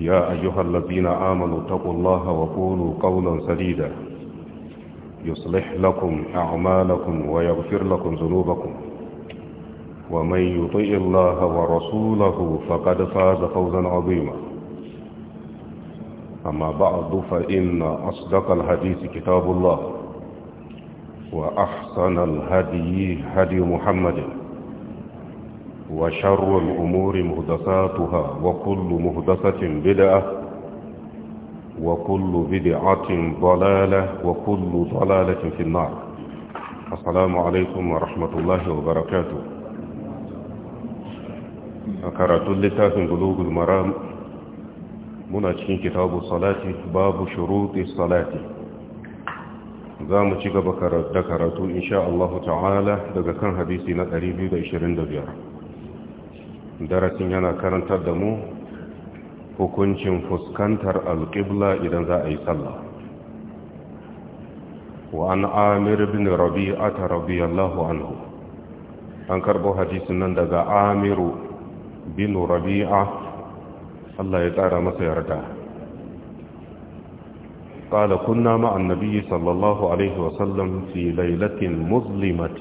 يا أيها الذين آمنوا اتقوا الله وقولوا قولا سديدا يصلح لكم أعمالكم ويغفر لكم ذنوبكم ومن يطيء الله ورسوله فقد فاز فوزا عظيما أما بعد فإن أصدق الحديث كتاب الله وأحسن الهدي هدي محمد وشر الأمور مهدساتها وكل مهدسة بدعة وكل بدعة ضلالة وكل ضلالة في النار السلام عليكم ورحمة الله وبركاته أكرت اللتاف بلوغ المرام مناشين كتاب الصلاة باب شروط الصلاة za mu ci gaba da karatu insha Allah ta'ala daga kan hadisi na 225 darasin yana karantar da mu hukuncin fuskantar alƙibla idan za a yi sallah wa'an amir bin rabi'ata rabiyallahu anhu an karbo hadisin nan daga amiru bin rabi'a Allah ya tsara masa yarda قال كنا مع النبي صلى الله عليه وسلم في ليلة مظلمة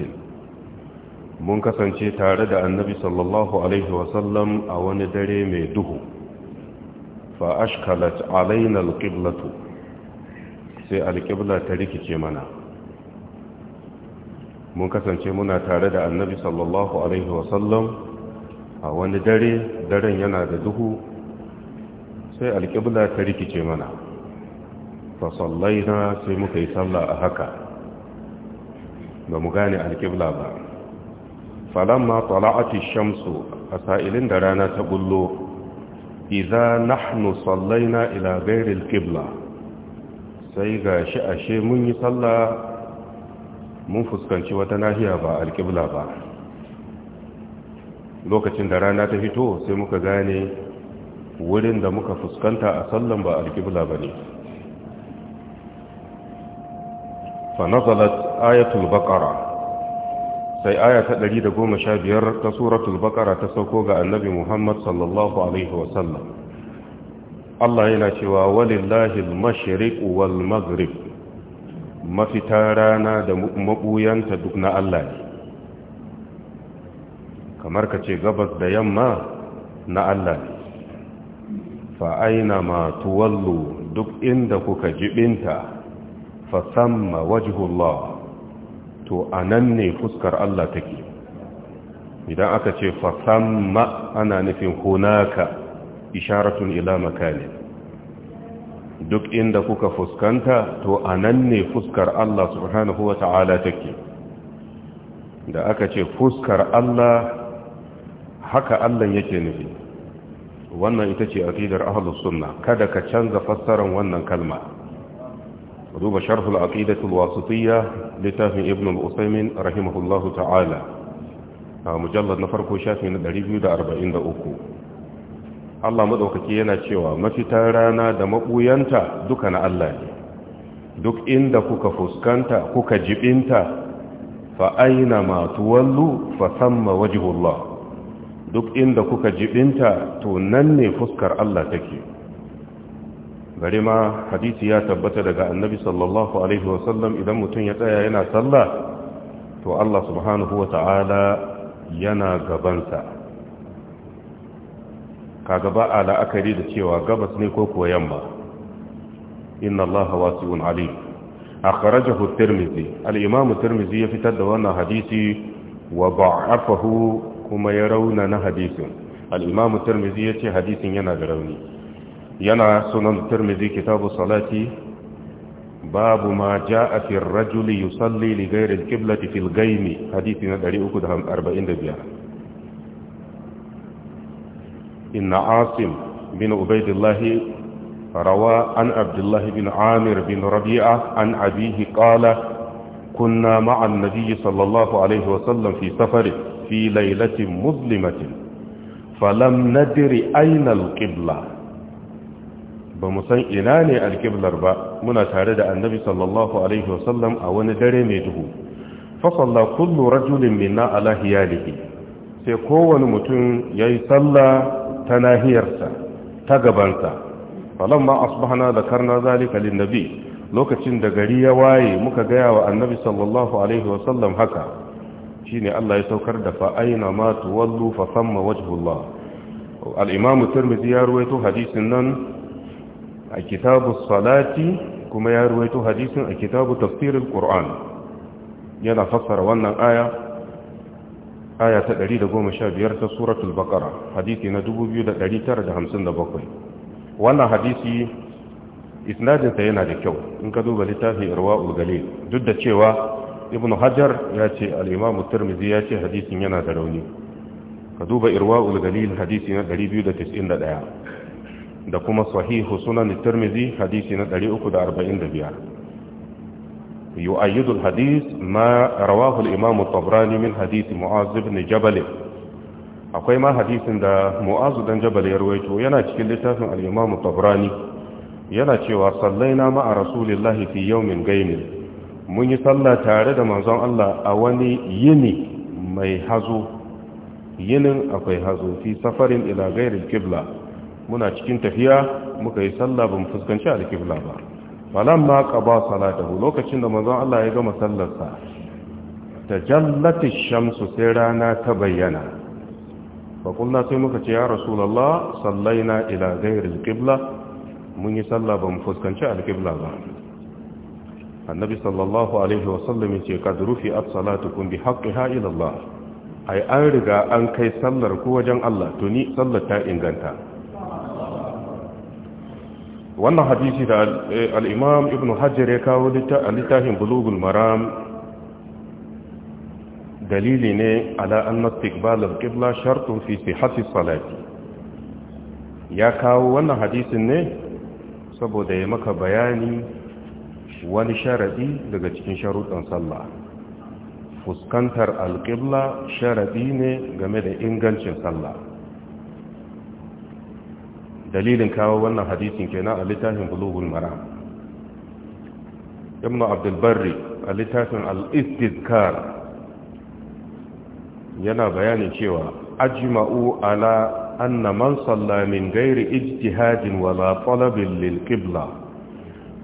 mun kasance tare da annabi sallallahu alaihi wasallam a wani dare mai duhu fa ashkalat alaina alqiblatu sai alqibla ta rikice mana mun kasance muna tare da annabi sallallahu alaihi wasallam a wani dare daren yana da duhu sai alqibla ta rikice mana fa sallaina sai muka yi sallah a haka ba mu gane alqibla ba falamma tala'ati shamsu a sa'ilin da rana ta bullo iza nahnu sallaina ila gairil qibla sai ga shi ashe mun yi sallah mun fuskanci wata nahiya ba alqibla ba lokacin da rana ta fito sai muka gane wurin da muka fuskanta a sallan ba alqibla bane fa nazalat ayatul baqara sai aya ta 115 ta suratul baqara ta sauko ga annabi Muhammad sallallahu alaihi wasallam Allah yana cewa walillahi al-mashriq wal maghrib mafita rana da mabuyanta duk na Allah ne kamar ka ce gabas da yamma na Allah ne fa aina ma tuwallu duk inda kuka jibinta fa samma wajhullah to a nan ne fuskar Allah take idan aka ce fasamma ana nufin hunaka isharatun ila makani duk inda kuka fuskanta to a nan ne fuskar Allah subhanahu wa ta'ala take da aka ce fuskar Allah haka Allah yake nufi wannan ita ce aqidar ahlus sunna kada ka canza fassarar wannan kalma duba sharhul aqidatul wasitiyya littafin ibn al-usaymin rahimahullahu ta'ala a mujallar na farko shafi na 243 Allah maɗaukaki yana cewa mafitar rana da mabuyanta duka na Allah ne duk inda kuka fuskanta kuka jibinta fa aina ma tuwallu fa samma wajhullah duk inda kuka jibinta to nan ne fuskar Allah take garima ma hadisi ya tabbata daga annabi sallallahu alaihi wasallam idan mutum ya tsaya yana sallah to Allah subhanahu wa ta'ala yana gabansa kaga ba a la'akari da cewa gabas ne ko kuwa yamma inna Allah wasi'un alim akhrajahu at-tirmidhi al-imam at-tirmidhi ya fitar da wannan hadisi wa da'afahu kuma ya rauna na hadisin al-imam at-tirmidhi hadisin yana da rauni yana sunan tirmidhi kitabu salati babu ma jaa fi rajuli yusalli li ghayri al-qiblati fil ghaimi hadisi na 345 inna asim bin ubaydillah rawa an abdullah bin amir bin rabi'a an abihi qala kunna مع النبي صلى الله عليه fi في fi في muslimatin مظلمة فلم ندر أين ba mu san ina ne alƙiblar ba muna tare da annabi sallallahu alaihi wasallam a wani dare mai duhu fasalla kullu rajulin minna ala hiyalihi sai kowane mutum yayi sallah ta nahiyarsa ta gabansa falamma asbahna dhakarna zalika linnabi lokacin da gari ya waye muka gaya wa annabi sallallahu alaihi wasallam haka shine Allah ya saukar da fa ma tuwallu fa thamma wajhullah al-imam tirmidhi ya ruwaito hadisin nan a kitabu salati kuma ya ruwaito hadisin a kitabu tafsirin ƙur'an yana fassara wannan aya aya ta 115 ta suratul baqara hadisi na 2957 wannan hadisi isnadinsa yana da kyau in ka duba littafin irwa'ul galil duk da cewa ibn hajar ya ce al'imamu turmizi ya ce hadisin yana da rauni ka duba irwa'ul galil hadisi na 291 da kuma sahihu sunan tirmizi hadisi na 345 yu'ayyidu al-hadith ma rawahu al-imam at-tabrani min hadith mu'az ibn jabal akwai ma hadisin da mu'az dan jabal ya rawaito yana cikin littafin al-imam at-tabrani yana cewa sallaina ma'a rasulillahi fi yawmin gaimin mun yi sallah tare da manzon Allah a wani yini mai hazo yinin akwai hazo fi safarin ila ghairil qibla muna cikin tafiya muka yi sallah ban fuskanci alkibla ba falan ma qaba salatahu lokacin da manzon Allah ya gama sallarsa tajallati shamsu sai rana ta bayyana fa kullu sai muka ce ya rasulullah sallaina ila ghairi alqibla mun yi sallah ban fuskanci alkibla ba annabi sallallahu alaihi wa wasallam ya ce kad rufi'at salatukum bihaqqiha ila Allah ai an riga an kai sallar ku wajen Allah to ni sallar ta inganta wannan hadisi da eh, al'imam ibn hajjar ya kawo a littafin bulugul maram dalili ne ala annastik balar ƙibla shartun fi sihassis salati ya kawo wannan hadisin ne saboda ya maka bayani wani sharaɗi daga cikin sharuɗan sallah fuskantar alƙibla sharaɗi ne game da ingancin sallah dalilin kawo wannan hadisin kenan a littafin bulugul maram ibnu abdul barri a littafin al-istizkar yana bayanin cewa ajma'u ala anna man salla min gairi ijtihadin wala talabin lil qibla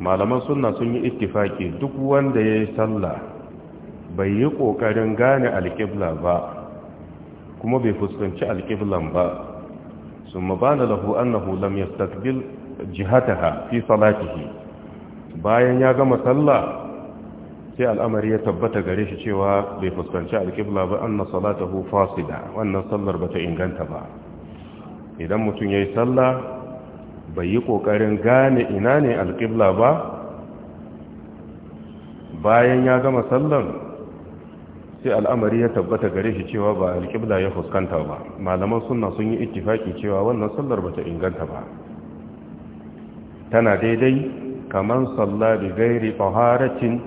malaman sunna sun yi ittifaki duk wanda yayi salla bai yi kokarin gane alqibla ba kuma bai fuskanci alqiblan ba ثم بان له أنه لم يستقبل جهتها في صلاته bayan ya gama sallah sai al'amari ya tabbata gare shi cewa bai fuskanci alƙibla ba anna salatahu fasida wannan sallar bata inganta ba idan mutum yayi sallah bai yi kokarin gane ina ne alƙibla ba bayan ya gama sallar. sai al'amari ya tabbata gare shi cewa ba alƙibla ya fuskanta ba malaman suna sun yi ittifaki cewa wannan sallar bata inganta ba tana daidai kamar salla bi gairi taharatin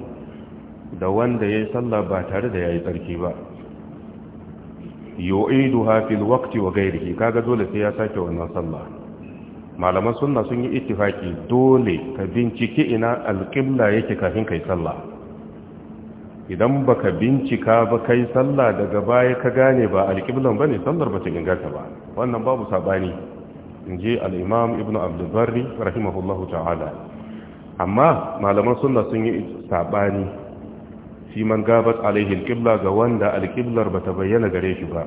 da wanda yayi sallah ba tare da yayi tsarki ba yu'iduha fil waqti wa ghairihi kaga dole sai ya sake wannan salla malaman sunna sun yi ittifaki dole ka bincike ina alƙibla yake kafin kai sallah idan baka bincika ba kai sallah daga baya ka gane ba alƙiblan ne sallar ba ta inganta ba wannan babu sabani In je al’imam ibnu abdul rahimahullahu ta'ala amma malaman suna sun yi sabani fi man gabat alaihi alqibla ga wanda ba ta bayyana gare shi ba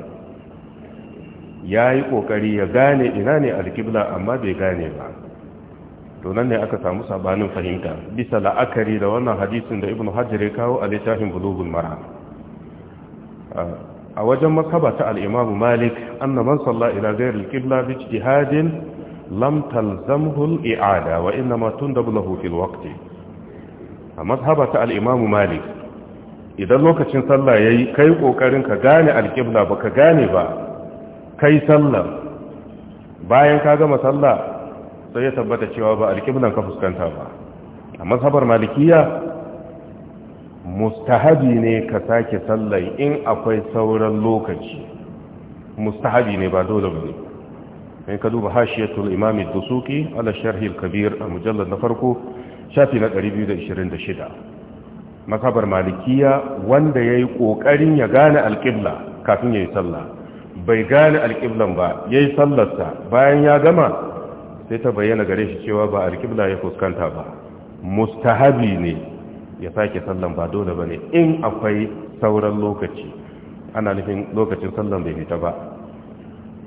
yi ƙoƙari ya gane ina ne alƙibla amma bai gane ba to nan ne aka samu sabanin fahimta bisa la'akari da wannan hadisin da ibnu hajar ya kawo a littafin bulugun mara a wajen makaba ta Al'imamu malik anna man salla ila ghayr al bi ijtihadin lam talzamhu iada wa inma tundabu lahu fil waqt a mazhaba ta al malik idan lokacin sallah yayi kai ƙoƙarin ka gane alƙibla ba baka gane ba kai sallah bayan ka gama sallah sai ya tabbata cewa ba alƙiblan ka fuskanta ba a mazhabar malikiya mustahabi ne ka sake sallai in akwai sauran lokaci mustahabi ne ba dole ba ne sai ka duba hashiyatul imami dusuki ala sharhil kabir a mujallar na farko shafi na 226 makabar malikiya wanda ya yi ƙoƙarin ya gane alƙibla kafin ya yi sallah bai gane alƙiblan ba ya yi sallarsa bayan ya gama sai ta bayyana gare shi cewa ba alkibla ya fuskanta ba mustahabi ne ya sake sallan ba dole ba ne in akwai sauran lokaci ana nufin lokacin sallan bai fita ba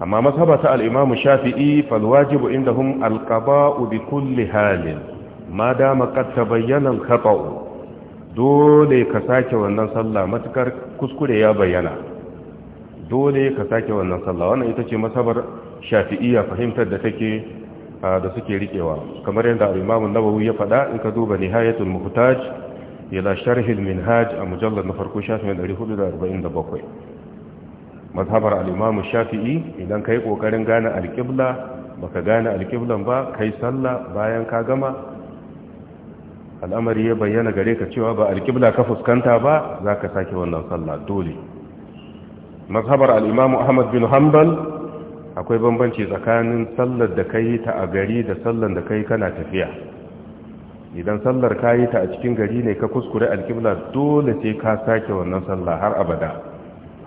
amma masaba ta al'imamu shafi'i falwajibu inda hum alkaba'u bi kulli halin ma dama kad ta bayyana dole ka sake wannan sallah matukar kuskure ya bayyana dole ka sake wannan sallah wannan ita ce masabar shafi'iyya fahimtar da take da suke rikewa kamar yadda al-Imam ya faɗa in ka duba Nihayatul Muhtaj ila Sharh al-Minhaj a mujallar na farko shafin 447 mazhabar al'imamu Shafi'i idan kai ƙoƙarin gane alƙibla, ba ka gane alƙiblan ba kai sallah bayan ka gama al'amari ya bayyana gare ka cewa ba alƙibla ka fuskanta ba zaka sake wannan sallah dole mazhabar al'imamu Ahmad bin Hanbal akwai bambanci tsakanin sallar da ka ta a gari da sallar da ka kana tafiya idan sallar ka yi ta a cikin gari ne ka kuskure alƙibla dole sai ka sake wannan sallah har abada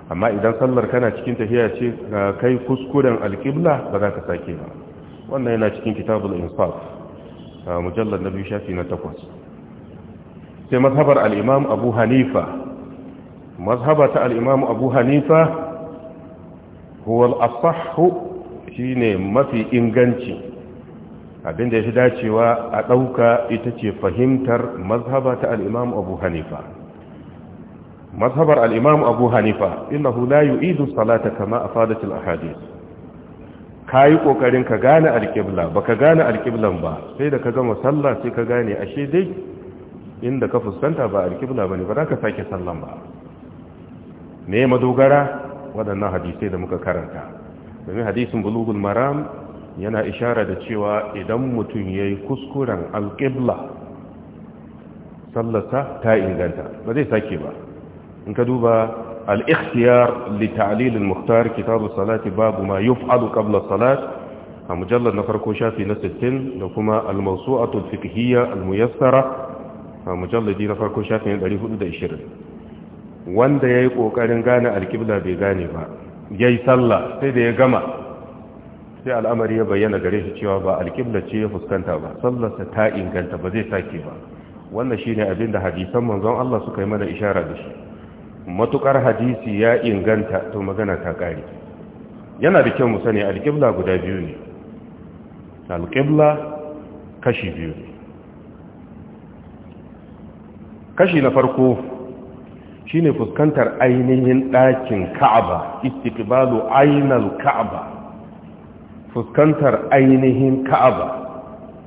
amma idan sallar kana cikin tafiya ce kai kuskuren alƙibla ba za ka sake ba wannan yana cikin kitabul insaf mujallar na biyu shafi na takwas sai mazhabar al'imam abu hanifa mazhabar ta al'imam abu hanifa huwal shi shine mafi inganci abinda yafi dacewa a ɗauka ita ce fahimtar mazhaba ta al Abu Hanifa mazhabar al Abu Hanifa innahu yi yu'idu salata kama afadat al-ahadith kayi kokarin ka gane alƙibla, ba baka gane alƙiblan ba sai da ka gama sallah sai ka gane ashe dai inda ka fuskanta ba alƙibla ba ne ba za ka sake sallan ba me madogara waɗannan hadisai da muka karanta domin hadisin bulugul maram yana ishara da cewa idan mutum ya yi kuskuren alƙibla sallarsa ta inganta ba zai sake ba in ka duba al'ikhtiyar littalilin muhtar kitabu salati babu ma yuf'alu qabla salat a mujallar na farko shafi na 60 da kuma al-mawsu'atul fiqhiyya al-muyassara a mujalladi na farko shafi na 420 wanda ya yi ƙoƙarin gane alƙibla bai gane ba ya yi sallah sai da ya gama sai al'amari ya bayyana gare shi cewa ba alƙibla ce ya fuskanta ba sallarsa ta inganta ba zai sake ba wannan shi ne abin da hadisan manzon Allah suka yi mana ishara da shi matuƙar hadisi ya inganta to magana ta ƙari yana da kyau mu sani alƙibla guda biyu ne alƙibla kashi biyu kashi na farko shine fuskantar ainihin ɗakin ka'aba istiqbalu ainal ka'aba fuskantar ainihin ka'aba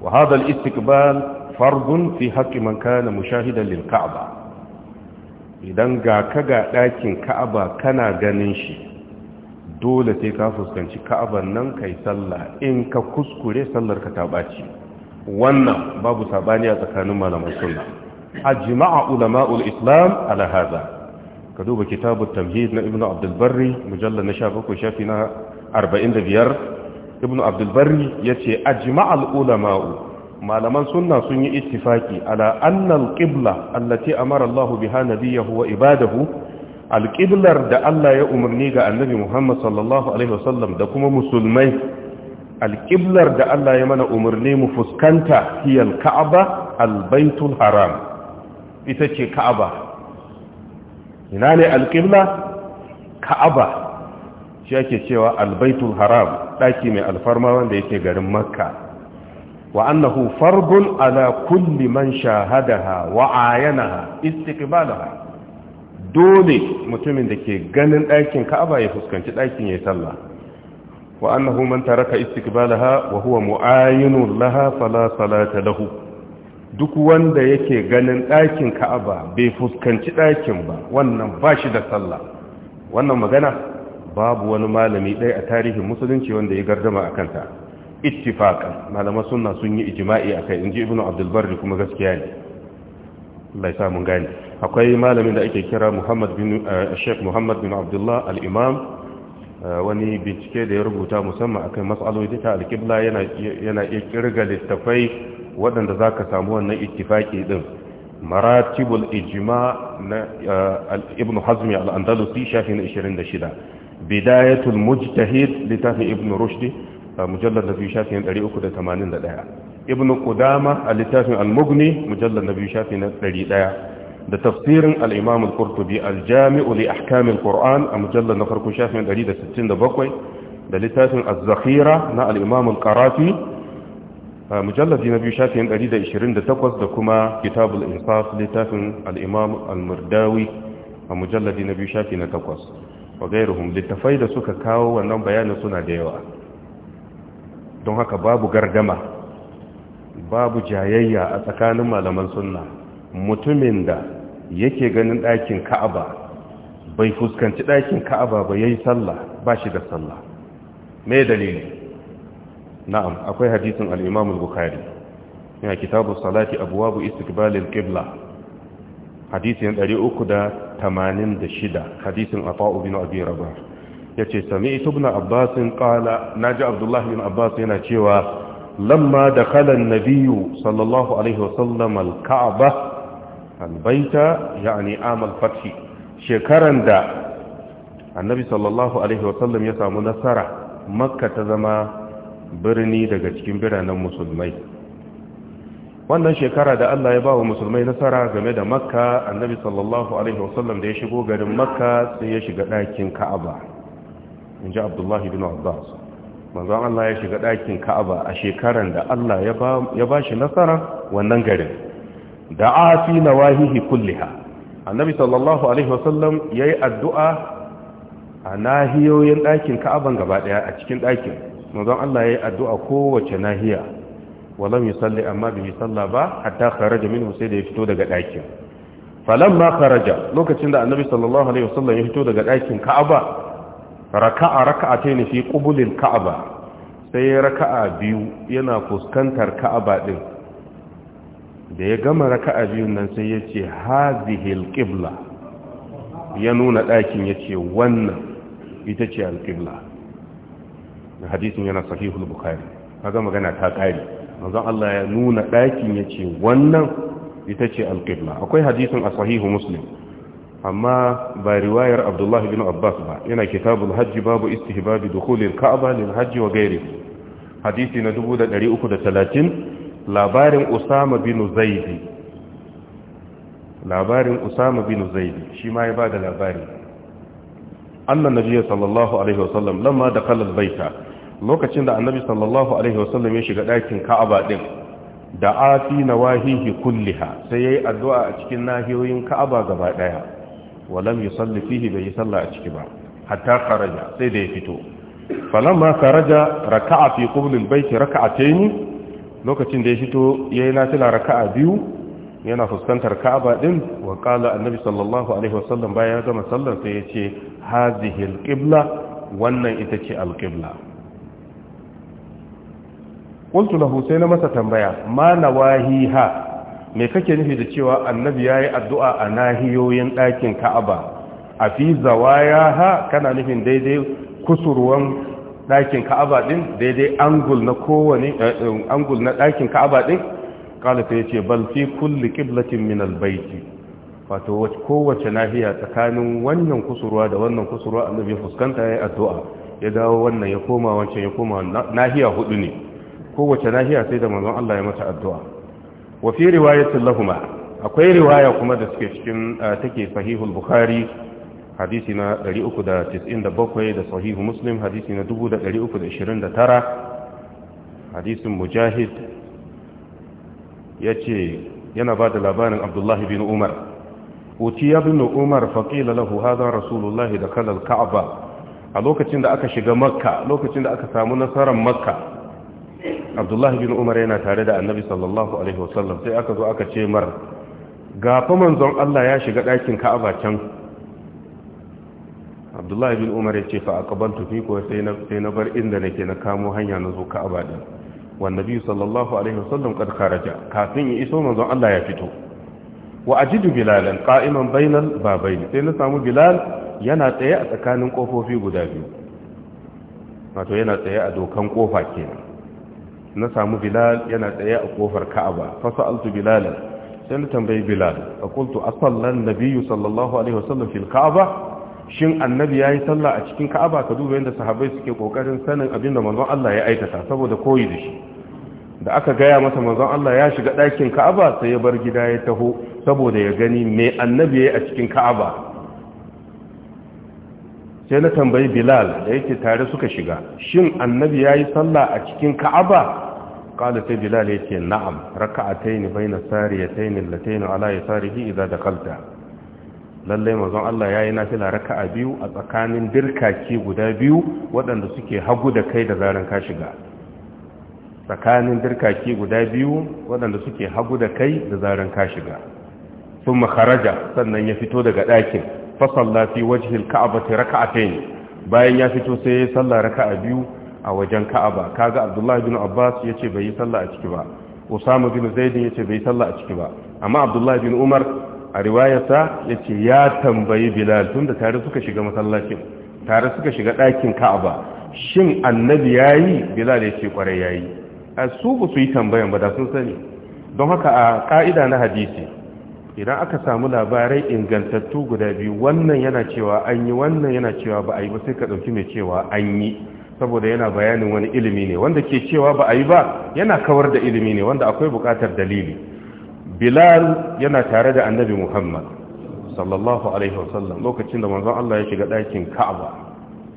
wa hadha al-istiqbal fardun fi haqqi man kana mushahidan lil ka'aba idan ga ka ga ɗakin ka'aba kana ganin shi dole sai ka fuskanci ka'aban nan kai sallah in ka kuskure sallar ka ta wannan babu sabani a tsakanin malaman sunna ajma'a ulama'ul islam ala hadha ka duba kitabu tamhid na ibnu abdulbarri mujallar na bakwai shafi na arba'in da biyar ibnu abdulbarri ya ce ajma'al ulama'u malaman sunna sun yi ittifaki ala annan qibla allati amara Allahu biha nabiyahu wa ibadahu alqiblar da Allah ya umarni ga annabi Muhammad sallallahu alaihi wasallam da kuma musulmai alqiblar da Allah ya mana umarni mu fuskanta hiya Ka'aba albaitul haram ita ce ka'aba ina ne alƙibla ka'aba shi ake cewa albaitul haram ɗaki mai alfarma wanda yake garin makka wa annahu fardun ala kulli man shahadaha wa ayanaha istiqbalaha dole mutumin da ke ganin ɗakin ka'aba ya fuskanci ɗakin ya sallah wa annahu man taraka istiqbalaha wa huwa mu'ayinun laha fala salata lahu duk wanda yake ganin ɗakin ka'aba bai fuskanci ɗakin ba wannan ba shi da sallah wannan magana babu wani malami ɗaya a tarihin musulunci wanda ya gardama a kanta ittifaqan malaman suna sun yi ijma'i kai inji Ibn abdul kuma gaskiya ne Allah ya sa mun gane akwai malamin da ake kira Muhammad bin eh, Sheikh Muhammad bin Abdullah al-Imam Eh, wani bincike da ya rubuta musamman akan matsaloli ta alƙibla yana iya kirga littafai waɗanda za ka samu wannan ittifaki ɗin maratibul ijima na eh, ibn hazmi al'andalusi shafin 26 bidayatul mujtahid littafin ibn rushdi eh, mujallar na biyu shafin 381 ibn kudama a littafin al-mugni mujallar na biyu shafin 100 da tafsirin al-imam al-qurtubi al-jami'u li ahkam al-qur'an a mujallal na farko shafin 167 da littafin az-zakhira na al-imam al mujallar mujalladi na biyu shafin 128 da kuma kitabul insaf littafin al al-murdawi a mujallar na biyu shafi na 8 wa gairuhum littafai da suka kawo wannan bayanin suna da yawa don haka babu gargama babu jayayya a tsakanin malaman sunna mutumin da yake ganin ɗakin ka'aba bai fuskanci ɗakin ka'aba ba ya yi sallah ba shi da sallah me dalili na'am akwai hadisin al-Imam al-Bukhari yana kitabu salati abwabu istiqbal al-qibla hadisin 386 hadisin Atha ya ce sami yace sami'tu Abbasin ƙala na ji Abdullah bin Abbas yana cewa lamma da kalan Nabiyu sallallahu alaihi wasallam al kaaba albaita ya'ani amal Fati shekaran da annabi sallallahu alaihi wasallam ya samu nasara makka ta zama birni daga cikin biranen musulmai wannan shekara da Allah ya ba wa musulmai nasara game da makka annabi sallallahu alaihi wasallam da ya shigo garin makka sai ya shiga ɗakin ka'aba in ji abdullahi bin abbas manzon Allah ya shiga ɗakin ka'aba a shekaran da Allah ya ba shi nasara wannan garin da afi nawahihi kulliha annabi sallallahu alaihi wasallam yi addu'a a nahiyoyin ɗakin ka'aban gaba ɗaya a cikin ɗakin manzon Allah ya yi addu'a kowace nahiya walam salli amma bi salla ba hatta kharaja minhu sai da ya fito daga ɗakin falamma kharaja lokacin da annabi sallallahu alaihi wasallam ya fito daga ɗakin ka'aba raka'a raka'atayn fi qubulil ka'aba sai raka'a biyu yana fuskantar ka'aba din da ya gama raka'a biyun nan sai ya ce hazihi alqibla ya nuna ɗakin ya ce wannan ita ce alqibla hadisin yana sahihul bukhari kaga magana ta kare manzon Allah ya nuna ɗakin ya ce wannan ita ce alqibla akwai hadisin a sahihu muslim amma ba riwayar abdullah bin abbas ba yana kitabul Hajji babu istihbabi dukhul alka'ba lil hajj wa ghairihi hadisi na talatin. labarin usama bin zaidi labarin usama bin zaidi shi ma ya ba da labari annan nabiya sallallahu alaihi wasallam lamma da kallon baita lokacin da annabi sallallahu alaihi wasallam ya shiga ɗakin ka'aba ɗin da afi nawahihi kulliha sai ya yi addu'a a cikin nahiyoyin ka'aba gaba ɗaya walam yusalli fihi bai yi salla a ciki ba hatta Karaja, sai da ya fito falamma kharaja raka'a fi qubl albayt raka'atayn lokacin da ya fito ya yi nafila raka'a biyu yana fuskantar ka'aba din wa kala annabi sallallahu alaihi wasallam baya ya gama sallar sai ya ce hazihi alqibla wannan ita ce alqibla qultu lahu sai na masa tambaya ma ha me kake nufi da cewa annabi yayi addu'a a nahiyoyin ɗakin ka'aba a fi ha kana nufin daidai kusurwan ɗakin ka'aba ɗin daidai angul na kowane eh, eh, angul na ɗakin ka'aba ɗin ƙalafa ya ce bal fi kulli ƙiblatin min albaiti wato kowace nahiya tsakanin wannan kusurwa da wannan kusurwa annabi fuskanta ya yi addu'a ya dawo wannan ya koma wancan ya koma nahiya hudu ne kowace nahiya sai da manzon Allah ya mata addu'a wa fi riwayatin lahuma akwai riwaya kuma da suke cikin eh, take sahihul bukhari hadisi na 397 da sahihu muslim hadisi na 329 hadisin mujahid ya ce yana ba da labarin abdullahi bin umar ya bin umar faƙila lahu haza rasulullahi da kalar ka'aba a lokacin da aka shiga makka lokacin da aka samu nasarar makka abdullahi bin umar yana tare da annabi sallallahu alaihi wasallam sai aka zo aka ce mar gafa manzon allah ya shiga ɗakin ka'aba can abdullahi bin umar ya ce fa a aqbaltu fi ko sai na bar inda nake na kamo hanya na zo ka'aba din wanda biyu sallallahu alaihi wasallam kad kharaja kafin ya iso manzon Allah ya fito wa ajidu bilalan qa'iman bainal babayn sai na samu bilal yana tsaye a tsakanin kofofi guda biyu wato yana tsaye a dokan kofa kenan na samu bilal yana tsaye a kofar ka'aba fa sa'altu bilalan sai na tambayi bilal fa qultu asalla an-nabiyyu sallallahu alaihi wasallam fil ka'aba shin annabi ya yi sallah a cikin ka'aba ka duba yadda sahabai suke kokarin sanin abin da manzon Allah ya aikata saboda koyi da shi da aka gaya masa manzon Allah ya shiga ɗakin ka'aba sai ya bar gida ya taho saboda ya gani me annabi ya yi a cikin ka'aba sai na tambayi bilal da yake tare suka shiga shin annabi ya yi sallah a cikin ka'aba kala sai bilal ya ce na'am raka'atayn bayna sariyatayn allatayn ala yasarihi idza dakalta lallai manzon Allah ya yi nafila raka'a biyu a tsakanin dirkaki guda biyu waɗanda suke hagu da kai da zaren ka shiga tsakanin dirkaki guda biyu waɗanda suke hagu da kai da zaren ka shiga sun makaraja sannan ya fito daga ɗakin fasalla ta wajhil raka'a raka'atayn bayan ya fito sai ya salla raka'a biyu a wajen ka'aba kaga Abdullahi ibn Abbas ce bai yi sallah a ciki ba Usama bin ya ce bai yi sallah a ciki ba amma Abdullah bin Umar a riwayarsa ya ce ya tambayi bilal tun da tare suka shiga masallacin tare suka shiga ɗakin ka'aba shin annabi ya yi bilal ya ce kwarai ya yi a su ba su yi tambayan ba da sun sani don haka a ƙa'ida na hadisi idan aka samu labarai ingantattu guda biyu wannan yana cewa an yi wannan yana cewa ba a yi ba sai ka ɗauki mai cewa an yi saboda yana bayanin wani ilimi ne wanda ke cewa ba a yi ba yana kawar da ilimi ne wanda akwai buƙatar dalili bilal yana tare da annabi muhammad sallallahu alaihi wasallam lokacin da manzon Allah ya shiga ɗakin ka'aba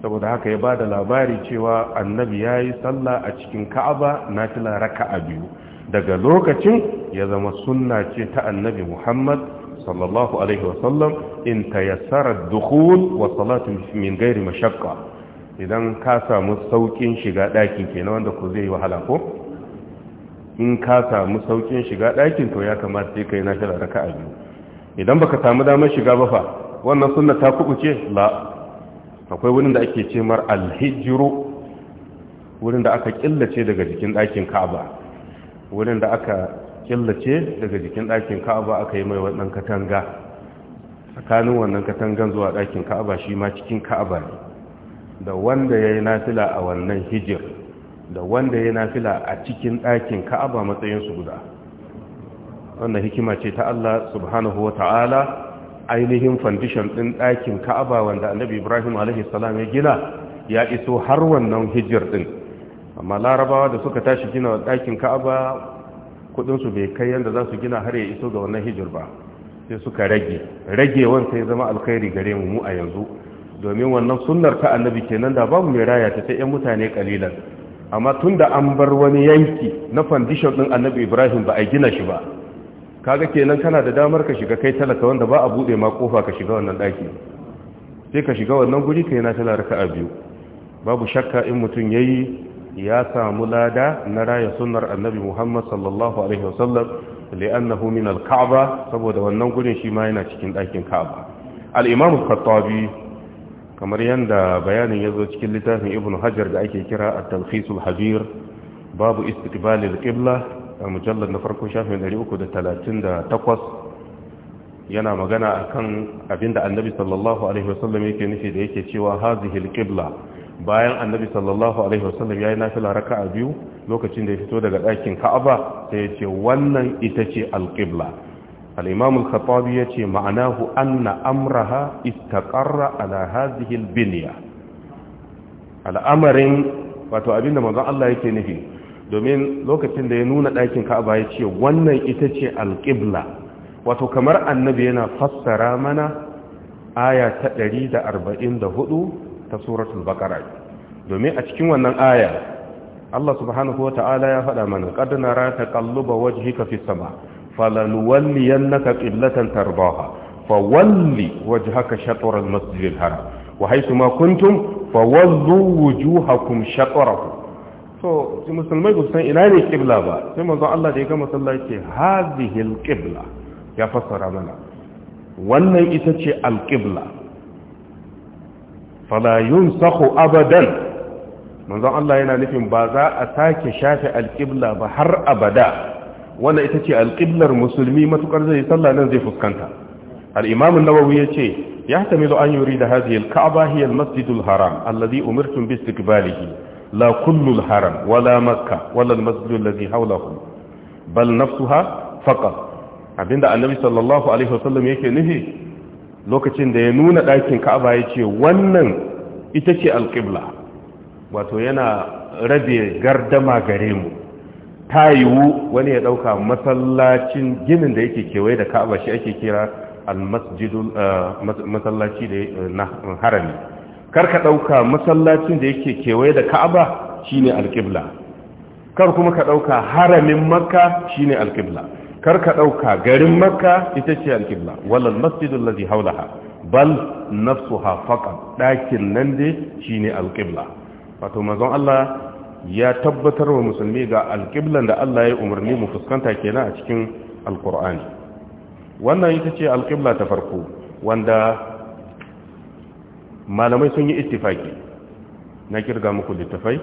saboda haka ya bada labari cewa annabi ya yi sallah a cikin ka'aba na raka'a biyu daga lokacin ya zama sunna ce ta annabi muhammad sallallahu alaihi wasallam in tayassara dukhul wa salatu min ghairi mashaqqa idan ka samu saukin shiga ɗakin kenan wanda ku zai yi wahala ko in ka samu saukin shiga ɗakin to ya kamata sai kai nafila a biyu idan baka samu damar shiga ba fa wannan sunna ta ce, la akwai wurin da ake ce mar alhijiru wurin da aka killace daga jikin ɗakin ka'aba wurin da aka killace daga jikin ɗakin ka'aba aka yi mai wannan katanga tsakanin wannan katangan zuwa ɗakin ka'aba shi ma cikin ka'aba ne da wanda ya yi nafila a wannan hijir da wanda ya na fila a cikin ɗakin ka'aba matsayinsu guda wannan hikima ce ta Allah subhanahu wa ta'ala ainihin fandishon ɗin ɗakin ka'aba wanda annabi ibrahim alaihissalam ya gina ya iso har wannan hijir ɗin amma larabawa da suka tashi gina ɗakin ka'aba kudinsu bai kai yadda za su gina har ya iso ga wannan hijir ba sai suka rage Rage wanda sai zama alkhairi gare mu mu a yanzu domin wannan sunnar ta annabi kenan da babu mai raya ta ta 'yan mutane kalilan amma tun da an bar wani yanki na fandishon ɗin annabi ibrahim ba a gina shi ba kaga kenan kana da damar ka shiga kai talaka wanda ba a buɗe ma kofa ka shiga wannan ɗaki sai ka shiga wannan guri ka yana tala raka a biyu babu shakka in mutum ya yi ya samu lada na raya sunnar annabi muhammad sallallahu alaihi wasallam li'annahu min al ka'aba saboda wannan gurin shi ma yana cikin ɗakin ka'aba al-imam al-khattabi kamar yadda bayanin ya zo cikin littafin ibn hajar da ake kira a talfisul hajir babu al qibla a mujallar na farko shafin 338 yana magana kan abinda annabi sallallahu alaihi wasallam yake nufi da yake cewa hazihil qibla bayan annabi sallallahu alaihi wasallam yayi nafila raka'a biyu lokacin da ya fito daga ɗakin ka'aba sai ya ce wannan ita ce al-qibla. al-imam al ce yace ma'anahu anna amraha istaƙarra, ala hadhihi binya al'amarin wato abinda manzon Allah yake nufi domin lokacin da ya nuna ɗakin Ka'aba ya ce wannan ita ce al-qibla wato kamar annabi yana fassara mana aya ta ɗari da da arba'in hudu ta suratul baqara domin a cikin wannan aya Allah subhanahu ta'ala ya faɗa mana qad nara taqalluba wajhika fis sama' فلنولينك قبلة ترضاها فولي وجهك شطر المسجد الحرام وحيثما كنتم فوضوا وجوهكم شطره so musulmai ba san ina ne kibla ba sai manzo Allah da ya gama sallah yake hazihil qibla ya fassara mana wannan ita ce alƙibla. fala yunsakhu abadan manzo Allah yana nufin ba za a sake shafe alƙibla ba har abada Wannan ita ce alƙiblar musulmi matukar zai sallah nan zai fuskanta al-imam an-nawawi ya yahtamilu an yurida hadhihi da kaba hiya al haram alladhi umirtum bi istiqbalihi la kullul haram wala makkah wala al-masjid hawlahu bal nafsuha faqat abinda annabi sallallahu alaihi wasallam yake nufi lokacin da ya nuna ɗakin ka'aba yace wannan ita ce alƙibla wato yana rabe gardama gare mu ta yiwu wani ya ɗauka masallacin ginin da yake kewaye da ka'aba shi ake kira eh, masallaci eh, na harami karka ɗauka masallacin da yake kewaye da ka'aba shine alƙibla kar kuma ka ɗauka haramin makka shine alƙibla kar ka ɗauka garin makka ita ce alƙibla wallan masjidun lazi haulaha bal nafsu hafaƙa ɗakin nan dai shine alƙibla wato mazan allah ya tabbatar wa musulmi ga alƙiblan da Allah ya umarni mu fuskanta kenan a cikin alƙur'ani wannan ita ce alƙibla ta farko wanda malamai sun yi ittifaki na kirga muku littafai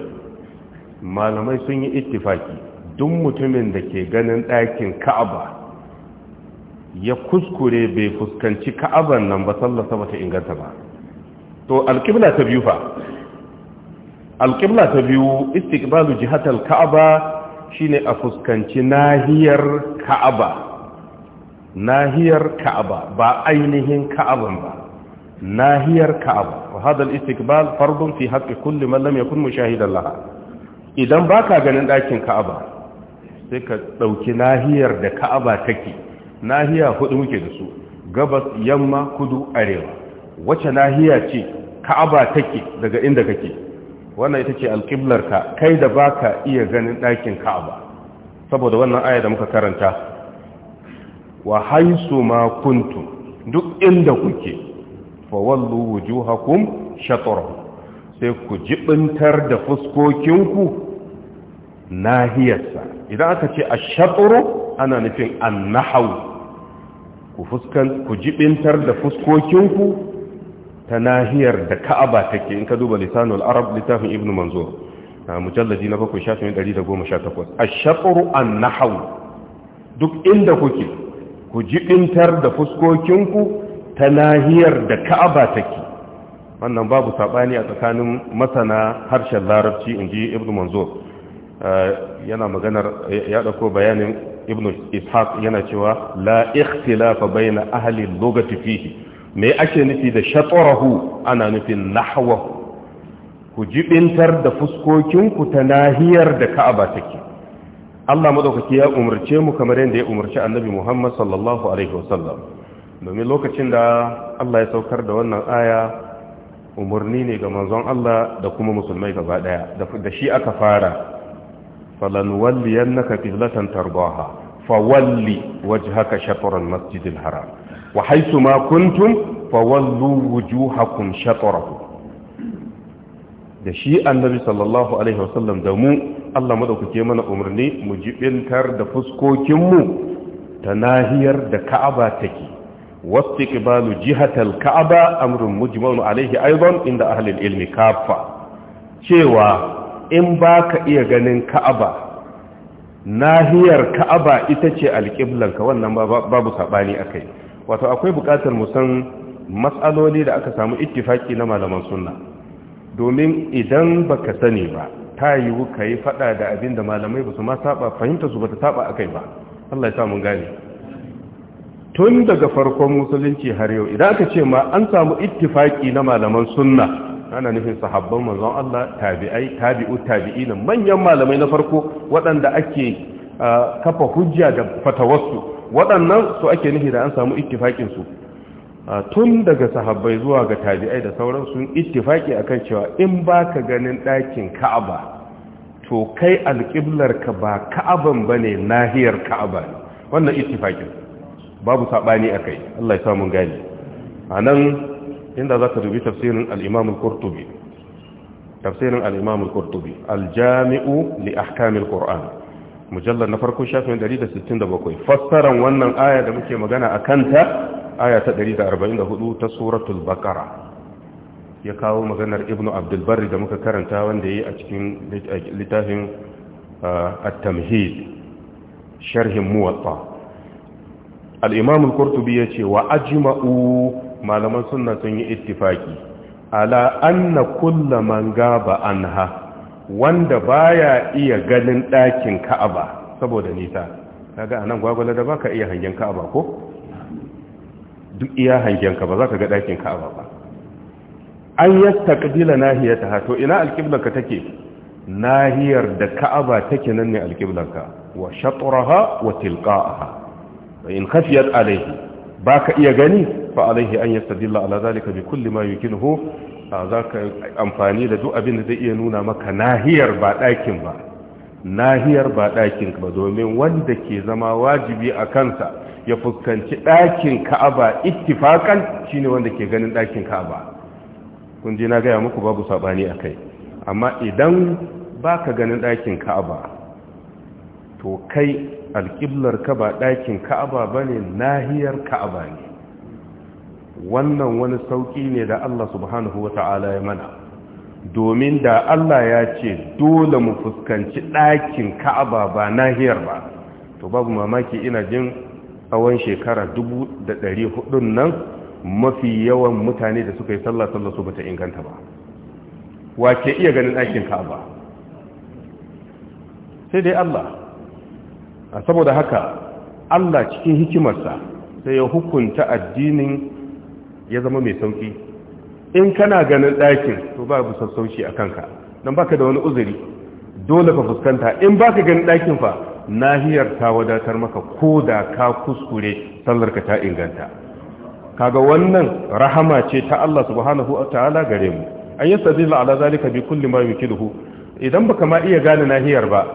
malamai sun yi ittifaki duk mutumin da ke ganin ɗakin ka'aba ya kuskure bai fuskanci ka'aban nan ba sallasa ba ta inganta ba to alƙibla ta biyu fa alƙibla ta biyu Istikbalu jihatal ka'aba shine a fuskanci nahiyar ka'aba nahiyar ka'aba ba ainihin ka'aban ba nahiyar ka'aba wa hada al-istiqbal fardun fi haqqi kulli man lam yakun mushahidan laha idan baka ganin ɗakin ka'aba sai ka dauki nahiyar da ka'aba take nahiya hudu muke da su gabas yamma kudu arewa wace nahiya ce ka'aba take daga inda kake wannan ita ce ka kai da ba ka iya ganin ɗakin ka'aba saboda wannan aya da muka karanta wa haisu ma kuntu duk inda kuke fawallu wujuhakum shatrahu sai ku jibintar da fuskokinku nahiyarsa idan aka ce a shatru ana nufin an ku jibintar da fuskokinku ta nahiyar da ka'aba take in ka duba lisanul arab littafin ibnu manzur mujalladi na bakwai shafin 118 ash-shatru an-nahw duk inda kuke ku jibintar da fuskokin ku ta nahiyar da ka'aba take wannan babu sabani a tsakanin masana harshen larabci inji ibnu manzur yana maganar ya dauko bayanin ibnu ishaq yana cewa la ikhtilafa bayna ahli al-lughati fihi me ake nufi da shatarahu ana nufin nahwahu ku jibintar da fuskokinku ta nahiyar da ka'aba take Allah madaukaki ya umarce mu kamar yadda ya umarci annabi Muhammad sallallahu alaihi wasallam domin lokacin da Allah ya saukar da wannan aya umarni ne ga manzon Allah da kuma musulmai gaba daya da shi aka fara falan walliyannaka qiblatan tarbaha fawalli wajhaka shatran masjidil haram wa haisu ma kuntum fawallu wujuhakum shatrahu da shi annabi sallallahu alaihi wasallam da mu Allah madaukake mana umarni mu jibintar da fuskokin mu ta nahiyar da Ka'aba take wastiqbalu jihatal Ka'aba amrun مجمع alaihi aidan inda ahli العلم kaffa cewa in baka iya ganin ka'aba nahiyar ka'aba ita ce ka wannan babu saɓani a kai wato akwai bukatar mu san matsaloli da aka samu ittifaki na malaman sunna domin idan baka sani ba ta yiwu ka yi fada da abin da malamai ba su ma saba fahimta su ba ta saba a kai ba Allah ya sa mun gane tun daga farkon musulunci har yau idan aka ce ma an samu ittifaki na malaman sunna ana nufin sahabban manzon Allah tabi'ai tabi'u tabi'ina manyan malamai na farko waɗanda ake ah, kafa hujja da fatawarsu waɗannan su ake nufi da an samu ittifakin su tun daga sahabbai zuwa ga tabi'ai da sauran sun ittifaki akan cewa in ba ka ganin ɗakin ka'aba to kai ka ba ka'aban bane nahiyar ka'aba wannan ittifakin babu sabani akai Allah ya samu gani anan inda za ka dubi tafsirin al-Imam al tafsirin al-Imam al-Qurtubi al-Jami'u li ahkamil quran mujallar na farko shafin 167 fassaran wannan aya da muke magana a kanta aya ta 144 ta suratul baqara ya kawo maganar ibnu abdulbari da muka karanta wanda yi a cikin littafin uh, at-tamhid sharhin muwatta al-imam al-qurtubi yace wa ajma'u malaman sunna sun yi ittifaki ala anna kullu man gaba anha wanda baya iya ganin ɗakin ka'aba saboda nisa kaga anan gwagwale da baka iya hangen ka'aba ko duk iya hangen ka ba za ka ga ɗakin ka'aba ba an yasta ƙabila nahiyar ha, to ina alƙiblanka take nahiyar da ka'aba take nan ne alƙiblanka wa shatraha wa tilqa'aha wa in khafiyat alayhi baka iya gani fa alayhi an yastadilla ala zalika bi kulli ma yumkinuhu za ka amfani da duk abin da zai iya nuna maka nahiyar ba ɗakin ba nahiyar ba ɗakin ba domin wanda ke zama wajibi a kansa ya fuskanci ɗakin ka'aba ittifakan shine wanda ke ganin ɗakin ka'aba kun ji na gaya muku babu saɓani a kai amma idan ba ka ganin ɗakin ka'aba to kai alƙiblar ka ba ɗakin ka'aba ba ne nahiyar ka'aba ne wannan wani sauki ne da Allah subhanahu wa ta'ala ya mana domin da Allah ya ce dole mu fuskanci ɗakin ka'aba ba nahiyar ba to babu mamaki ina jin tsawon shekara dubu da ɗari hudun nan mafi yawan mutane da suka yi sallah sallah su bata inganta ba wake iya ganin ɗakin ka'aba sai dai Allah saboda haka Allah cikin hikimarsa sai ya hukunta addinin ya zama mai sauki in kana ganin ɗakin to ba babu sassauci a kanka don baka da wani uzuri dole ka fuskanta in baka ganin ɗakin fa nahiyar ta wadatar maka ko da ka kuskure sallar ka ta inganta kaga wannan rahama ce ta Allah subhanahu wa ta'ala gare mu an yastadilla ala zalika bi kulli ma yukiluhu idan baka ma iya gane nahiyar ba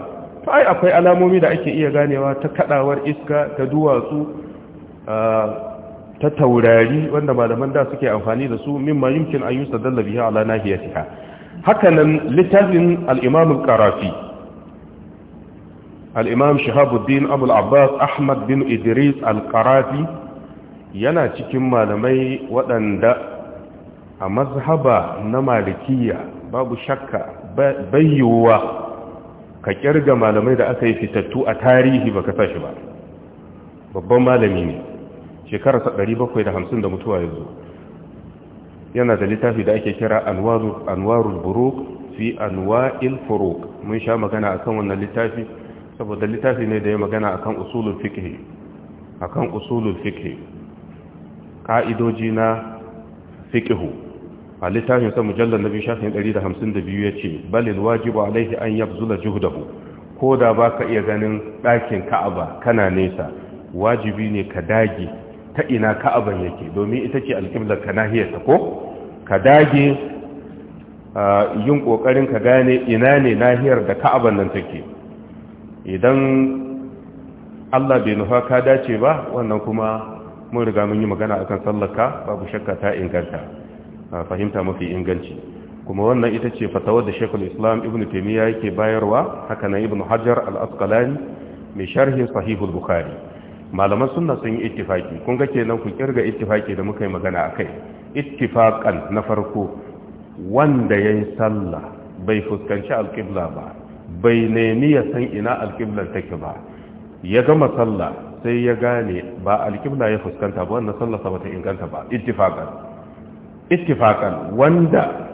ai akwai alamomi da ake iya ganewa ta kadawar iska ta duwatsu ah, ta taurari wanda malaman da suke amfani da su mimma yumkin an yustadalla biha ala nahiyatiha haka nan littafin al-imam al-qarafi al-imam shahabuddin abul abbas ahmad bin idris al-qarafi yana cikin malamai waɗanda a mazhaba na malikiya babu shakka bayyuwa ka kirga malamai da aka yi fitattu a tarihi baka sashi ba babban malami ne ɗari 750 da mutuwa ya zo yana da littafi da ake kira anwarul buruk fi anwa'il furuk mun sha magana akan wannan littafi saboda littafi ne da ya magana akan usulul fiqh akan usulul fiqh ka'idoji na fiqh a littafin sa mujallal nabi shafin 152 yace balil wajibu alaihi an yabzula juhdahu koda baka iya ganin dakin ka'aba kana nesa wajibi ne ka dage ta ina ka'aban yake domin ita ce alƙiblar ka nahiyarta ko ka dage yin ƙoƙarin ka gane ina ne nahiyar da ka'aban nan take idan Allah bai nufa ka dace ba wannan kuma mun riga mun yi magana akan sallaka babu shakka ta inganta fahimta mafi inganci kuma wannan ita ce fatawar da shekul islam ibn taimiyya yake bayarwa haka nan ibn hajar al-asqalani mai sharhin sahihul bukhari malaman sunna sun yi ittifaki kun ga kenan ku kirga ittifaki da muka yi magana akai ittifakan na farko wanda yi sallah bai fuskanci alqibla ba bai nemi ya san ina alqiblar take ba ya gama sallah sai ya gane ba alqibla ya fuskanta ba wannan sallah sa bata inganta ba ittifakan ittifakan wanda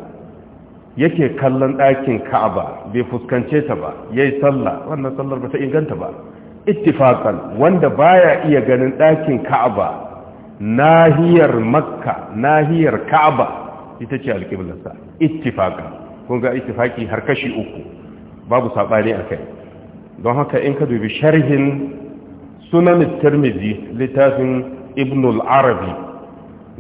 yake kallon ɗakin ka'aba bai fuskance ta ba yi sallah wannan sallar bata inganta ba ittifaqan wanda baya iya ganin ɗakin ka'aba nahiyar makka nahiyar ka'aba ita ce alƙiblarsa ittifaqan kun ga ittifaki har kashi uku babu a kai. don haka in ka dubi sharhin sunan tirmidhi littafin ibn al-arabi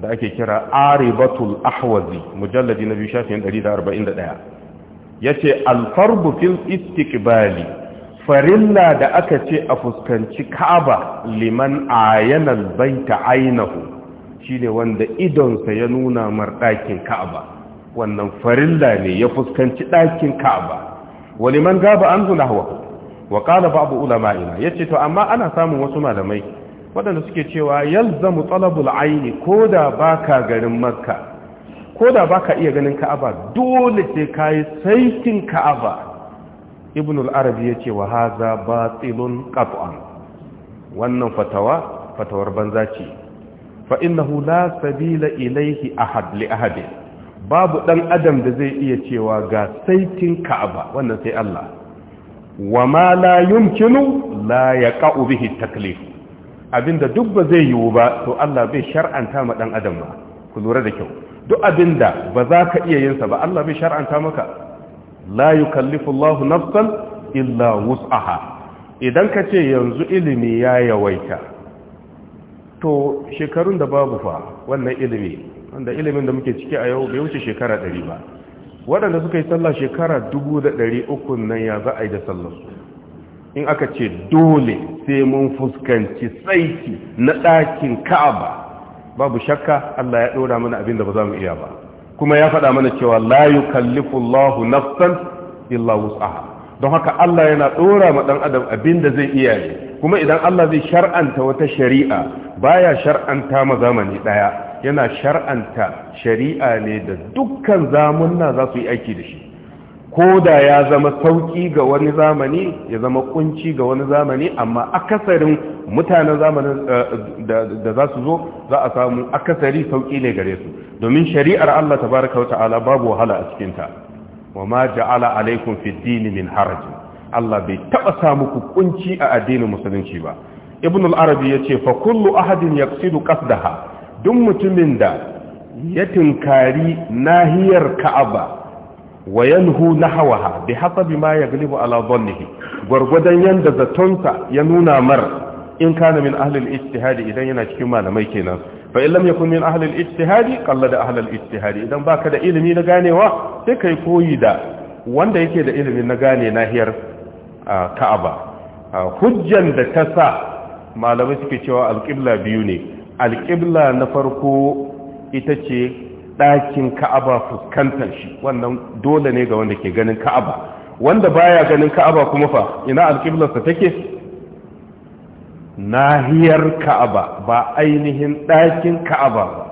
da ake kira aribatul ahwazi mujalladi na biyu shafin 141 yace al-farbu fil istiqbali farilla da aka ce a fuskanci kaba liman ayanal baita ainahu shine wanda idonsa ya nuna mar ɗakin kaba wannan farilla ne ya fuskanci ɗakin kaba liman gaba an zuna hawa wa kala babu ulama'ina ya ce to amma ana samun wasu malamai waɗanda suke cewa yalzamu talabul aini ko da baka garin makka ko da baka iya ganin ka'aba dole sai kayi saikin ka'aba ibn al-arabi yace wa hadha batilun qat'an wannan fatawa fatawar banza ce fa innahu la sabila ilayhi ahad li ahad babu dan adam da zai iya cewa ga saitin ka'aba wannan sai Allah wa ma la yumkinu la yaqa'u bihi taklif abinda duk ba zai yiwu ba to Allah bai shar'anta ma dan adam ba ku lura da kyau duk abinda ba za ka iya yin sa ba Allah bai shar'anta maka la yukallifu Allahu nafsan illa wus'aha idan ka ce yanzu ilimi ya yawaita to shekarun da babu fa wannan ilimi wanda ilimin da muke ciki a yau bai wuce shekara 100 ba waɗanda suka yi sallah shekara 300 nan ya za a yi da sallarsu. in aka ce dole sai mun fuskanci tsaiki na ɗakin ka'aba babu shakka Allah ya ɗora mana abin da ba za mu iya ba kuma ya faɗa mana cewa la yukallifu Allahu nafsan illa wus'aha don haka Allah yana ɗora ma ɗan adam abin da zai iya ne kuma idan Allah zai shar'anta wata shari'a baya shar'anta ma zamani ɗaya yana shar'anta shari'a ne da dukkan zamunna za su yi aiki da shi ko da ya zama sauki ga wani zamani ya zama kunci ga wani zamani amma akasarin mutanen zamanin eh, da za su zo za a samu akasari sauki ne gare su domin shari'ar Allah tabaraka wa ta'ala babu wahala a cikinta wa ma ja'ala alaikum fi dini min haraj Allah bai taba sa muku kunci a addinin musulunci ba ibn al-arabi yace fa kullu ahadin yaqsidu qasdaha duk mutumin da ya tinkari nahiyar ka'aba wa yanhu nahawaha bi hasabi ma yaglibu ala dhannihi gurgudan yanda zatonsa ya nuna mar in kana min ahli al-ijtihad idan yana cikin malamai kenan fa in lam yakun min ahli al-ijtihad qallada ahli al-ijtihad idan baka da ilimi na ganewa sai kai koyi da wanda yake da ilimin na gane nahiyar Ka'aba hujjan da ta sa malamai suke cewa al-qibla biyu ne al-qibla na farko ita ce ɗakin ka'aba fuskantar shi wannan dole ne ga wanda ke ganin ka'aba wanda baya ganin ka'aba kuma fa ina alƙiblarsa take nahiyar ka'aba ba ainihin ɗakin ka'aba ba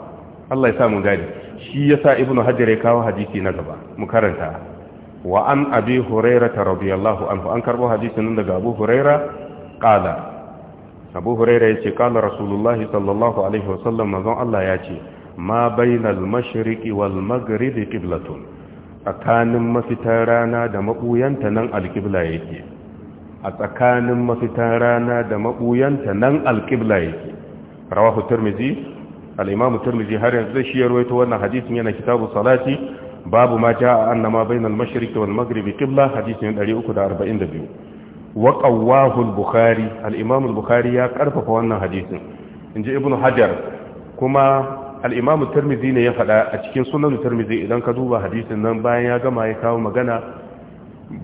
Allah ya sa mun gani shi yasa ibnu hajar ya kawo hadisi na gaba mu karanta wa an abi hurairah radiyallahu anhu an karbo hadisin nan daga abu hurairah qala abu hurairah yace qala rasulullahi sallallahu alaihi wasallam manzon Allah yace ma bainal mashriqi wal maghribi qiblatun tsakanin mafitan rana da mabuyanta nan alqibla yake a tsakanin mafitan rana da mabuyanta nan alqibla yake rawahu tirmidhi al-imam tirmidhi har yanzu shi ya rawaito wannan hadisin yana kitabu salati babu ma jaa anna ma bainal mashriqi wal maghribi qibla hadisin 342 wa qawwahu al-bukhari al-imam al-bukhari ya karfafa wannan hadisin inji ibnu hajar kuma al'imamu tarmizi ne ya faɗa a cikin sunan tarmizi idan ka duba hadisin nan bayan ya gama ya kawo magana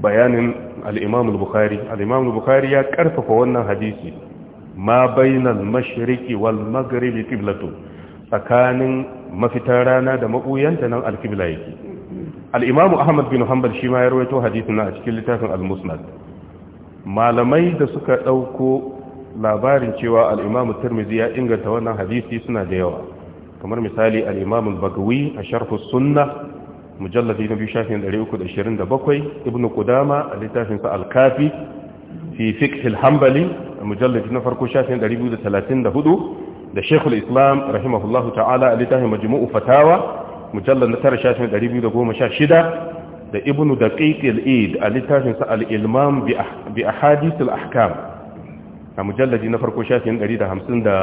bayanin al'imamu bukari al'imamu bukari ya ƙarfafa wannan hadisi ma mashiriki wal magaribi kiblatu tsakanin mafitar rana da maɓuyanta nan alkibla yake al'imamu ahmad bin hanbal shi ma ya rawaito hadisin a cikin littafin al-musnad malamai da suka ɗauko labarin cewa al'imamu tarmizi ya inganta wannan hadisi suna da yawa kamar misali al-imam al-bagawi a sharh as-sunnah mujalladi na biyu shafin 327 ibnu qudama a littafin sa al-kafi fi fiqh al-hanbali mujalladi na farko shafin 234 da shaykh al-islam rahimahullahu ta'ala a littafin majmu'u fatawa mujallad na tara shafin 216 da ibnu daqiq al-eid a littafin sa al-ilmam bi ahadith al-ahkam a mujalladi na farko shafin 150 da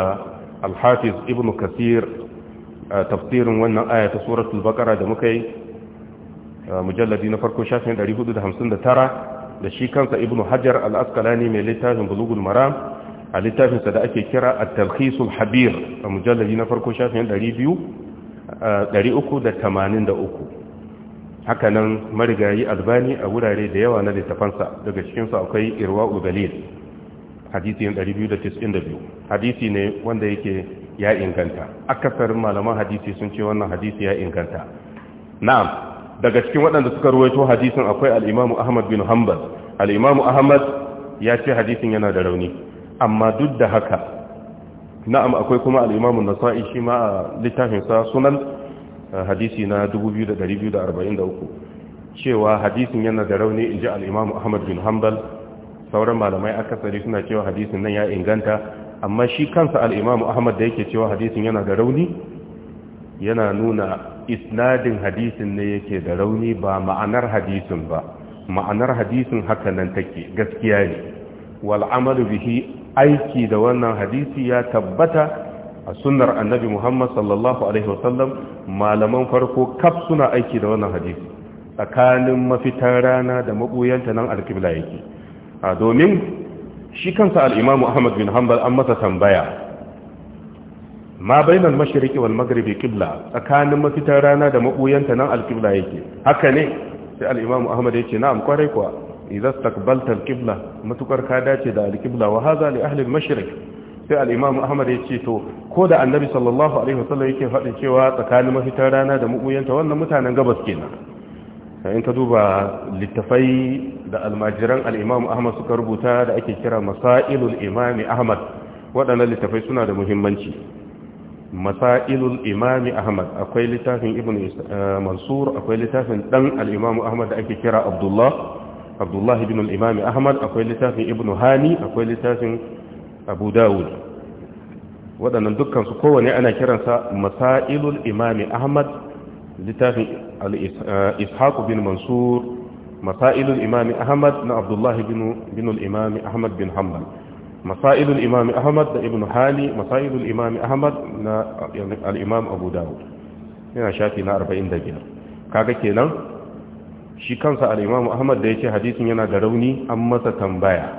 al-hafiz ibnu kasir tafsirin wannan aya ta suratul baqara da muka yi mujalladi na farko shafin 459 da shi kansa ibnu hajar al-asqalani mai littafin bulugul maram a littafinsa da ake kira at-talkhisul habir a mujalladi na farko shafin 200 383 haka nan marigayi albani a wurare da yawa na littafansa daga cikinsu akwai irwa ugalil hadisi 292 hadisi ne wanda yake ya inganta akasarin malaman hadisi sun ce wannan hadisi ya inganta na'am daga cikin waɗanda suka ruwaito hadisin akwai al-Imam Ahmad bin Hanbal al-Imam Ahmad ya ce hadisin yana da rauni amma duk da haka na'am akwai kuma al-Imam nasai shi ma a littafin sa sunan hadisi na 2243 cewa hadisin yana da rauni inji al-Imam Ahmad bin Hanbal sauran malamai akasari suna cewa hadisin nan ya inganta amma shi kansa al'imamu ahmad da yake cewa hadisin yana da rauni yana nuna isnadin hadisin ne yake da rauni ba ma'anar hadisin ba ma'anar hadisin haka nan take gaskiya ne Wal'amaru bihi aiki da wannan hadisi ya tabbata a sunnar annabi muhammad sallallahu alaihi wasallam malaman farko kaf suna aiki da wannan hadisi tsakanin mafitan rana da maɓuyanta nan alkibla yake domin shi kansa al'imamu ahmad bin hanbal an masa tambaya ma bainal mashiriki wal magribi kibla tsakanin mafitar rana da maɓuyanta nan alkibla yake haka ne sai al'imamu ahmad ya ce na kwarai kuwa idan takbaltar kibla matukar ka dace da alkibla wa haza li ahlil mashirik sai al'imamu ahmad ya ce to ko da annabi sallallahu alaihi wasallam yake faɗin cewa tsakanin mafitar rana da maɓuyanta wannan mutanen gabas kenan in ka duba littafai da almajiran al'imamu ahmad suka rubuta da ake kira masailul imami ahmad waɗannan littafai suna da muhimmanci masailul imami ahmad akwai littafin ibn eh, mansur akwai littafin ɗan al'imamu ahmad da ake kira abdullah abdullah ibn al'imami ahmad akwai littafin ibn hani akwai littafin abu dawud waɗannan dukkansu kowane ana kiransa masailul imami ahmad littafin eh, ishaq bin mansur مسائل الإمام أحمد بن عبد الله بن, بن الإمام أحمد بن حنبل مسائل الإمام أحمد ابن حالي مسائل الإمام أحمد الإمام أبو داود yana shafi na 45 kaga kenan shi kansa al Ahmad da yace hadisin yana da rauni an masa tambaya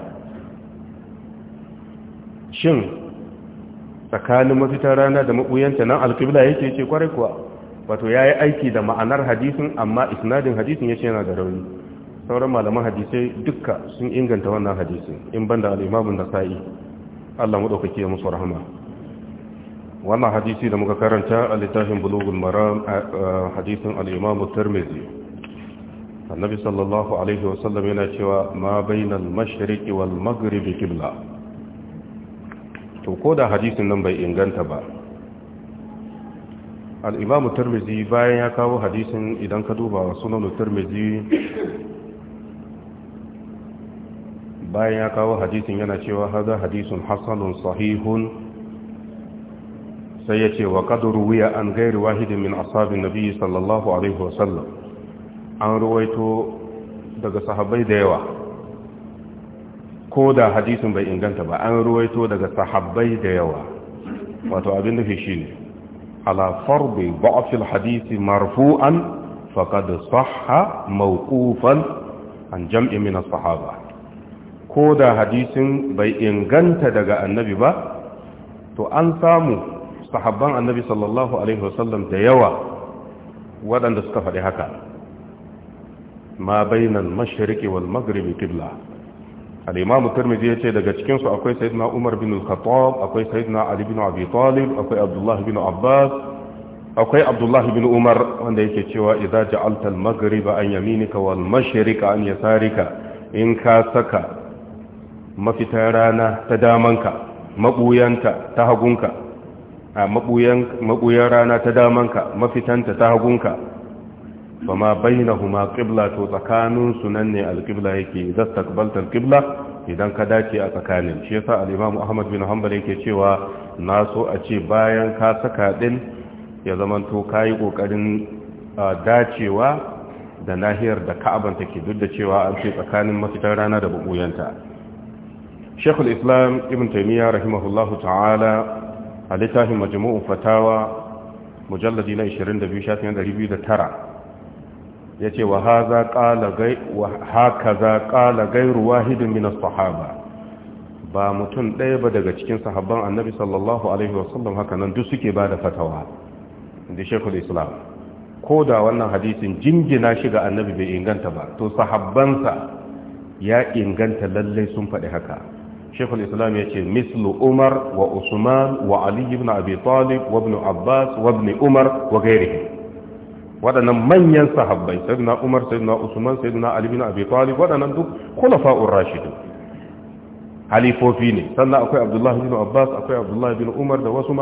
shin tsakanin mafitar rana da mabuyanta nan al-qibla yake yace kuwa wato yayi aiki da ma'anar hadisin amma isnadin hadisin yace yana da rauni sauran malaman hadisai duka sun inganta wannan hadisin in banda al'imamun da sa'i, Allah mu ɗaukake musu rahama wannan hadisi da muka karanta a littafin bulugun mara hadisin al'imamun imam annabi sallallahu alaihi wasallam yana cewa ma bainal mashariki wal magribi kibla to ko da hadisin nan bai inganta ba al-imam tarmizi bayan ya kawo hadisin idan ka duba sunan at bayan ya kawo hadisin yana cewa hada hadisun hasanun sahihun sai ya ce wa kaduru wuya an gairi wahidin min asabin nabi sallallahu alaihi wasallam an ruwaito daga sahabbai da yawa ko da hadisin bai inganta ba an ruwaito daga sahabbai da yawa wato abin da fi shi ne ala farbi ba'fil hadisi marfu'an faqad sahha mawqufan an jam'i min as-sahaba ko da hadisin bai inganta daga annabi ba to an samu sahabban annabi sallallahu alaihi wasallam da yawa waɗanda suka faɗi haka ma bainan mashariki wal maghribi qibla al-imam tirmidhi ce daga cikin su akwai sayyidina umar bin al-khattab akwai sayyidina ali bin abi talib akwai abdullah bin abbas akwai abdullah bin umar wanda yake cewa idza ja'alta al-maghriba an yaminika wal mashriqa an yasarika in ka saka mafitan rana ta damanka maɓuyanta ta hagunka a maɓuyan rana ta damanka mafitanta ta hagunka ba ma bayyana huma ƙibla to tsakaninsu nan ne alƙibla yake zasta ƙibaltar ƙibla idan ka dace a tsakanin shi yasa al'imamu Ahmad bin Hanbal yake cewa na so a ce bayan ka saka ɗin ya zamanto yi ƙoƙarin dacewa da nahiyar da Ka'aban take duk da cewa an ce tsakanin mafitar rana da buɓuyanta shekul islam ibn taimiyya rahimahullahu ta'ala a littafin majmu'un fatawa mujalladi na 22 shafin 209 ya ce wa haka za ƙala gairu wahidin minas sahaba ba mutum ɗaya ba daga cikin sahabban annabi sallallahu alaihi wasallam haka nan duk suke bada fatawa da shekul islam ko da wannan hadisin jingina shi ga annabi bai inganta ba to sahabbansa ya inganta lallai sun faɗi haka shekul islam ya ce mislu umar wa usman wa ali ibn abi talib abbas wa umar wa gairihi waɗannan manyan sahabbai sayyidina umar sayyidina usman sayyidina ali ibn abi talib waɗannan duk khulafa'ur rashidun halifofi ne sannan akwai abdullahi ibn abbas akwai abdullahi ibn umar da wasu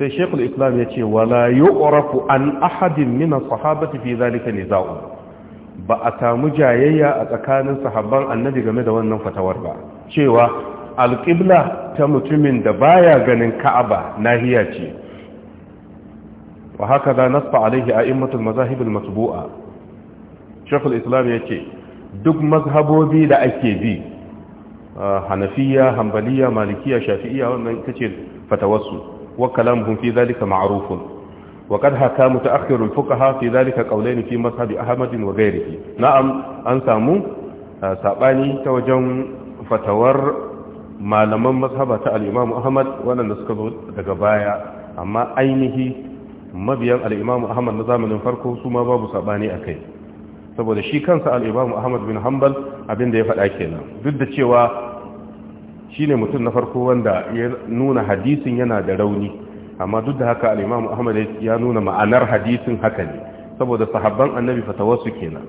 sai shekul islam ya ce wala yu'rafu an ahadin min sahabati fi zalika niza'u ba a samu jayayya a tsakanin sahabban annabi game da wannan fatawar ba cewa alƙibla ta mutumin da baya ganin ka'aba nahiya ce wa haka za nasfa alaihi a immatul mazahibul matbu'a shekul islam ya ce duk mazhabobi da ake bi hanafiya hambaliya malikiya shafi'iya wannan ita ce fatawarsu wa kalamuhum fi zalika ma'rufun وقد حكى متأخر zalika في fi قولين في مذهب أحمد وغيره an samu سامو ta wajen. fatawar malaman mazhaba ta al'imamu ahmad waɗanda suka zo daga baya amma ainihi mabiyan al'imamu ahmad na zamanin farko su ma babu saɓani a kai saboda shi kansa al'imamu ahmad bin hambal abinda ya faɗa kenan duk da cewa shi ne mutum na farko wanda ya nuna hadisin yana da rauni amma duk da haka al'imamu ahmad ya nuna ma'anar hadisin haka ne saboda sahabban annabi fatawarsu kenan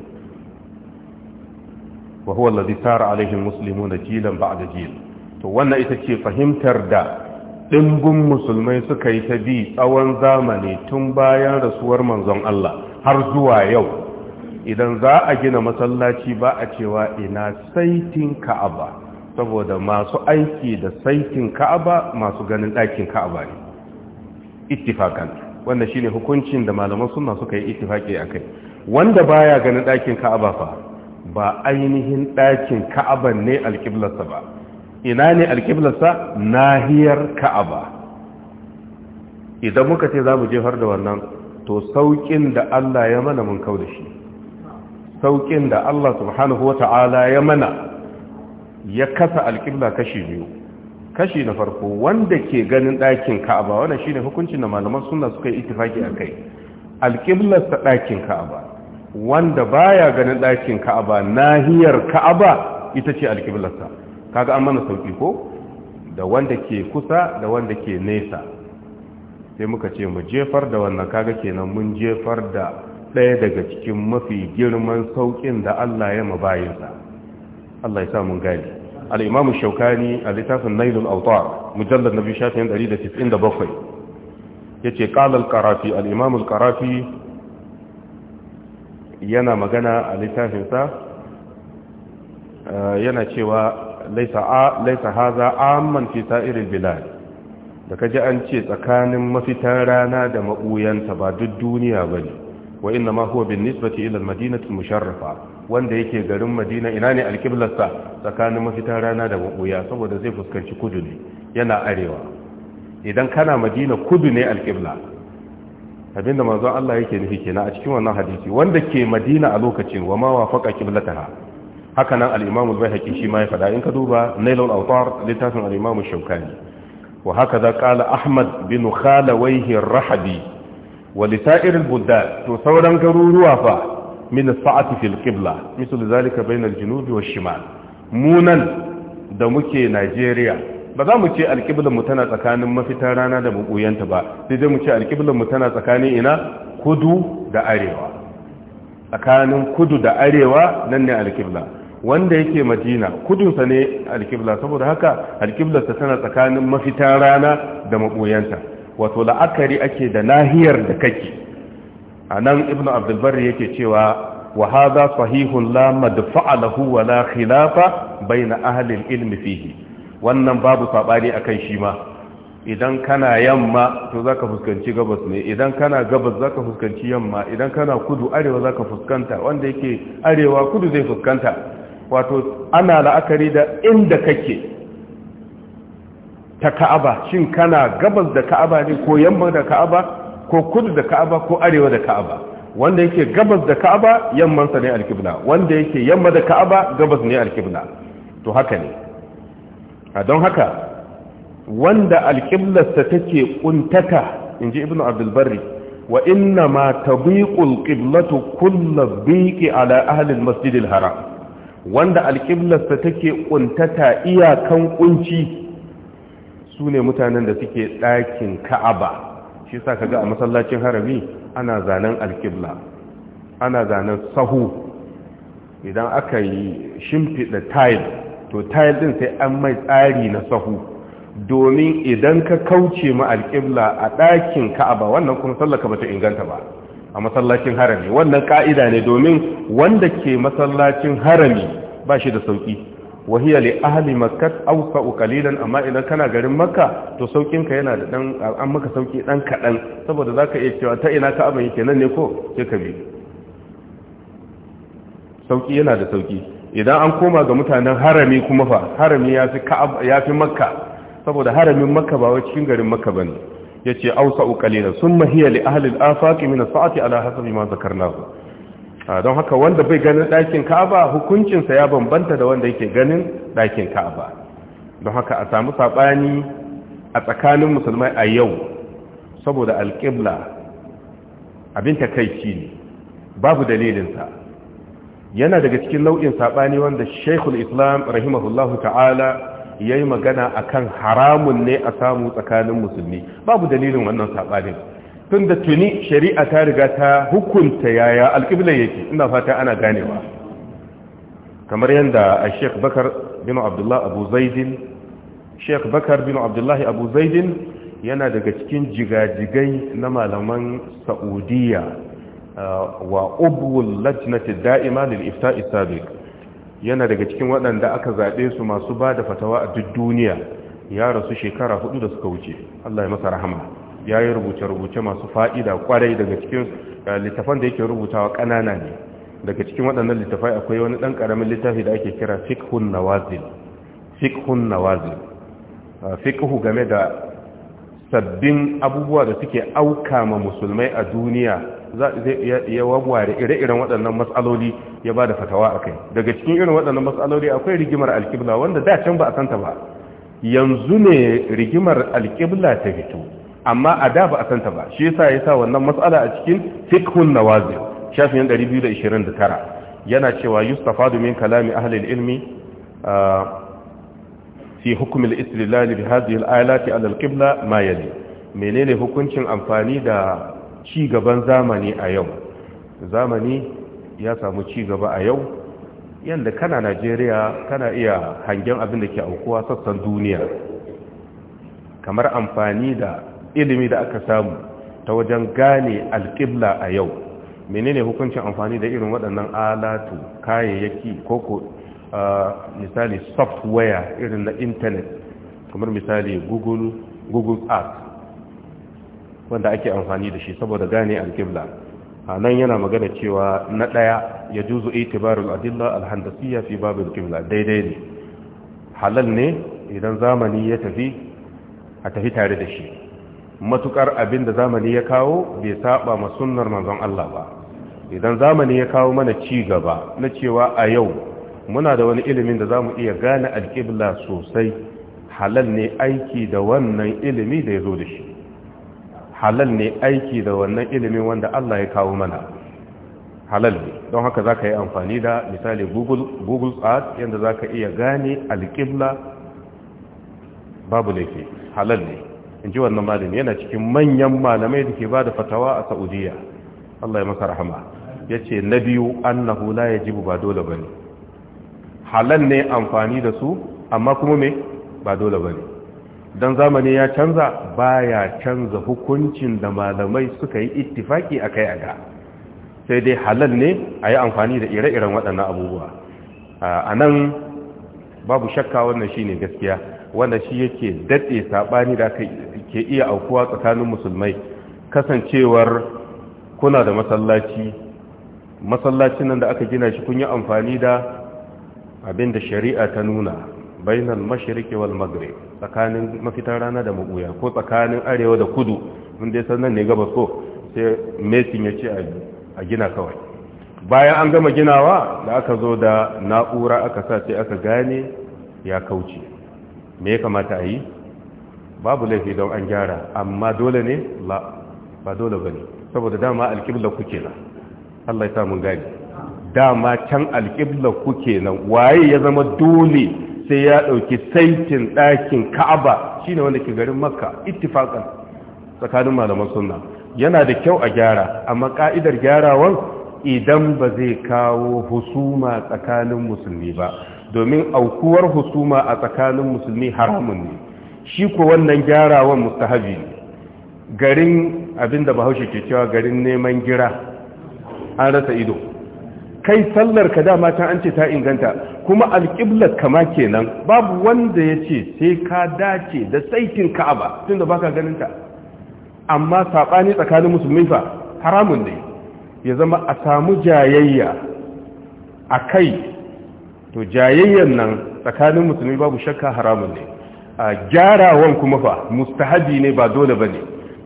wa huwa allazi sara alaihi almuslimuna jilan ba'da jil to wannan ita ce fahimtar da ɗimbin musulmai suka yi ta bi tsawon zamani tun bayan rasuwar manzon Allah har zuwa yau idan za a gina masallaci ba a cewa ina saitin ka'aba saboda masu aiki da saitin ka'aba masu ganin ɗakin ka'aba ne ittifakan wanda shine hukuncin da malaman sunna suka yi ittifaki akai wanda baya ganin ɗakin ka'aba fa ba ainihin ɗakin ka'aban ne alƙiblarsa ba ina ne alƙiblarsa nahiyar ka'aba idan muka ce za mu jefar da wannan to sauƙin da Allah ya mana mun kau da shi sauƙin da Allah subhanahu wa ta'ala ya mana ya kasa alƙibla kashi biyu kashi na farko wanda ke ganin ɗakin ka'aba wannan shine hukuncin da malaman sunna suka yi ittifaki a kai alƙiblarsa ɗakin ka'aba wanda baya ganin ɗakin ka'aba nahiyar ka'aba ita ce alƙiblarsa kaga an mana sauki ko da wanda ke kusa da wanda ke nesa sai muka ce mu jefar da wannan kaga kenan mun jefar da ɗaya daga cikin mafi girman saukin da Allah ya mabayinsa Allah ya sa mun gani al-Imam a littafin Nailul Awtar mujallad na 1997 yace qala al-Qarafi al-Imam al-Qarafi yana magana a littafinsa eh, yana cewa laisa haza amman fita irin bilad da kaji an ce tsakanin mafitan rana da ma'uyanta ba duk duniya ba ne wa ina ma huwa bin nisbati ila madina musharrafa wanda yake garin madina ina ne alkiblarsa tsakanin mafitan rana da ma'uya saboda zai fuskanci kudu ne yana arewa idan kana madina kudu ne alkibla. abinda manzon Allah yake nufi kenan a cikin wannan hadisi wanda ke Madina a lokacin wa ma wafaqa qiblataha haka nan al-Imam al-Baihaqi shi ma ya fada in ka duba Nailul Awtar littafin al-Imam Shawkani wa haka za qala Ahmad bin Khalawayhi ar-Rahbi wa li sa'ir al to sauran garuruwa fa min as-sa'ati fil qibla misal zalika bayna al-junub wa shimal munan da muke Najeriya ba za mu ce alƙiblar mu tana tsakanin mafitar rana da bukuyanta ba sai dai mu ce alƙiblar mu tana tsakanin ina kudu da arewa tsakanin kudu da arewa nan ne alƙibla wanda yake madina kudunsa ne alƙibla saboda haka alƙiblarsa tana tsakanin mafitar rana da mabuyanta wato la'akari ake da nahiyar da kake a nan ibnu abdulbar yake cewa wa hadha sahihun la madfa'alahu wa la khilafa bayna ahli al-ilm fihi wannan babu sabani a kan shi ma idan kana yamma to za ka fuskanci gabas ne idan kana gabas za ka fuskanci yamma idan kana kudu arewa za ka fuskanta wanda yake arewa kudu zai fuskanta wato ana la'akari da inda kake ta ka'aba shin kana gabas da ka'aba ne ko yamma da ka'aba ko kudu da ka'aba ko arewa da ka'aba wanda yake gabas da ka'aba sa ne alkibla wanda yake yamma da ka'aba gabas ne alkibla to haka ne a don haka wanda alƙiblarsa take ƙuntata in ji ibn abdulbari wa inna ma tabiqul ƙiblatu kullu biqi ala ahli masjidin haram wanda alƙiblarsa take ƙuntata iyakan su sune mutanen da suke ɗakin ka'aba shi sa kaga a masallacin harami ana zanen alƙibla ana zanen sahu idan aka yi shimfiɗa tile to tayil din sai an mai tsari na sahu domin idan ka kauce ma alƙibla a ɗakin ka'aba wannan kuma sallaka bata inganta ba a masallacin harami wannan ka'ida ne domin wanda ke masallacin harami ba shi da sauki wahiyar ahali ahli makkah awsa amma idan kana garin maka to saukin yana da dan an maka sauki dan kadan saboda za ka iya cewa ta ina ka abin yake nan ne ko ke ka bi sauki yana da sauki idan an koma ga mutanen harami kuma fa harami ya fi ya fi makka saboda haramin makka ba wa cikin garin makka ba ne ya ce ausa hiya sun mahiya al-afaq min as sa'ati ala hasabi ma zakarnahu ah, don haka wanda bai ganin ɗakin ka'aba hukuncinsa ya bambanta da wanda yake ganin ɗakin ka'aba don haka a samu saɓani a tsakanin musulmai a yau saboda alƙibla abin takaici ne babu dalilinsa yana daga cikin nau'in saɓani wanda shaikhul islam rahimahullahu ta'ala ya yi magana a kan haramun ne a samu tsakanin musulmi babu dalilin wannan saɓanin tun da tuni shari'a ta riga ta hukunta yaya alƙibla yake ina fata ana ganewa kamar yadda a sheikh bakar bin abdullahi abu zaidin sheikh bakar bin abdullahi abu zaidin yana daga cikin jigajigai na malaman sa'udiyya wa ubul lajnati da'ima lil ifta'i sabiq yana daga cikin waɗanda aka zaɓe su masu bada fatawa a duk duniya ya rasu shekara hudu da suka wuce Allah ya masa rahama ya yi rubuce-rubuce masu fa'ida kwarai daga cikin eh, littafan da yake rubutawa ƙanana ne daga cikin waɗannan littafai akwai wani ɗan ƙaramin littafi da ake kira fikhun nawazil fikhun nawazil ah, fikhu game da sabbin abubuwa da suke auka ma musulmai a duniya ya wagware ire-iren waɗannan matsaloli ya ba da fatawa a kai daga cikin irin waɗannan matsaloli akwai rigimar alƙibla wanda da can ba a santa ba yanzu ne rigimar alƙibla ta fito amma a da ba a santa ba shi yasa ya sa wannan matsala a cikin fikhun nawazil shafin 229 yana cewa yustafadu min kalami ahli ilmi fi hukm al-istidlal bi hadhihi al-ayati ala al-qibla ma yali menene hukuncin amfani da ci gaban zamani a yau zamani ya samu ci gaba a yau yadda kana najeriya kana iya hangen abin da ke aukuwa sassan duniya kamar amfani da ilimi da aka samu ta wajen gane alƙibla a yau menene hukuncin amfani da irin waɗannan alatu kayayyaki koko misali software irin na intanet kamar misali google google app wanda ake amfani da shi saboda gane alƙibla a nan yana magana cewa na ɗaya ya juzu itibarul adilla al-handasiyya fi babu alƙibla daidai ne halal ne idan zamani ya tafi a tafi tare da shi matukar abin da zamani ya kawo bai saba ma sunnar manzon Allah ba idan zamani ya kawo mana ci gaba na cewa a yau muna da wani ilimin da zamu iya gane alƙibla sosai halal ne aiki da wannan ilimi da ya zo da shi halal ne aiki da wannan ilimin wanda Allah ya kawo mana halal ne don haka za ka yi amfani da misali google earth yadda za ka iya gane alƙibla babu laifi halal ne in ji wannan malin yana cikin manyan malamai da ke ba da fatawa a sa'udiyya Allah ya masa rahama ya ce na biyu annahu hula ya ji ba dole ba ne halal ne amfani da su amma kuma me ba dole ba ne don zamani ya canza baya canza hukuncin da malamai suka yi ittifaki a kai a sai dai halal ne a yi amfani da ire-iren waɗannan abubuwa a nan babu shakka wannan shi ne gaskiya wanda shi yake daɗe saɓani da ke iya aukuwa tsakanin musulmai kasancewar kuna da masallaci masallacin nan da aka gina shi kun yi amfani da abin da shari'a ta nuna bainan mashriqi wal maghrib tsakanin mafitar rana da mabuya ko tsakanin arewa da kudu mun dai sannan ne gaba so sai mesin ya ce a gina kawai bayan an gama ginawa da aka zo da na'ura aka sa sai aka gane ya kauce me ya kamata a yi babu laifi don an gyara amma dole ne la ba dole ba ne saboda dama alƙibla kuke na Allah ya sa mun gane dama can alƙibla kuke nan waye ya zama dole sai ya ɗauki saitin ɗakin ka'aba shine wanda ke garin makka ittifakan tsakanin malaman sunna yana da kyau a gyara amma ka'idar gyarawan idan ba zai kawo husuma tsakanin musulmi ba domin aukuwar husuma a tsakanin musulmi haramun ne shi ko wannan gyarawan mustahabi ne garin abinda bahaushe ke cewa garin neman gira an rasa ido kai sallar ka dama ta an ce ta inganta kuma alƙiblar kama kenan babu wanda ya ce sai ka dace da saitin ka'aba tunda baka ganin ta amma saɓani tsakanin musulmi fa haramun ne ya zama a samu jayayya a kai to jayayyan nan tsakanin musulmi babu shakka haramun ne a gyarawan kuma fa mustahabi ne ba dole ba ne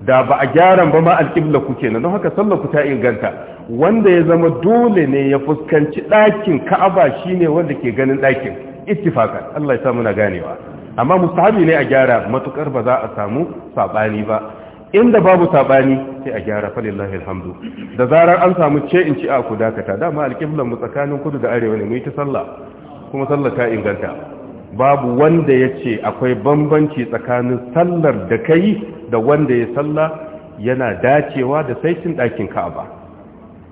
da ba a gyaran ba ma alƙiblar ku kenan don haka sallar ku ta inganta wanda ya zama dole ne ya fuskanci ɗakin ka'aba shine wanda ke ganin ɗakin ittifakan Allah ya sa muna ganewa amma mustahabi ne a gyara matukar ba za a samu sabani ba inda babu sabani sai a gyara falillahi alhamdu da zarar an samu ce in ci a ku dakata dama alƙiblan mu tsakanin kudu da arewa ne mu yi ta sallah kuma sallah ta inganta babu wanda ya ce akwai bambanci tsakanin sallar da kai da wanda ya sallah yana dacewa da saitin ɗakin ka'aba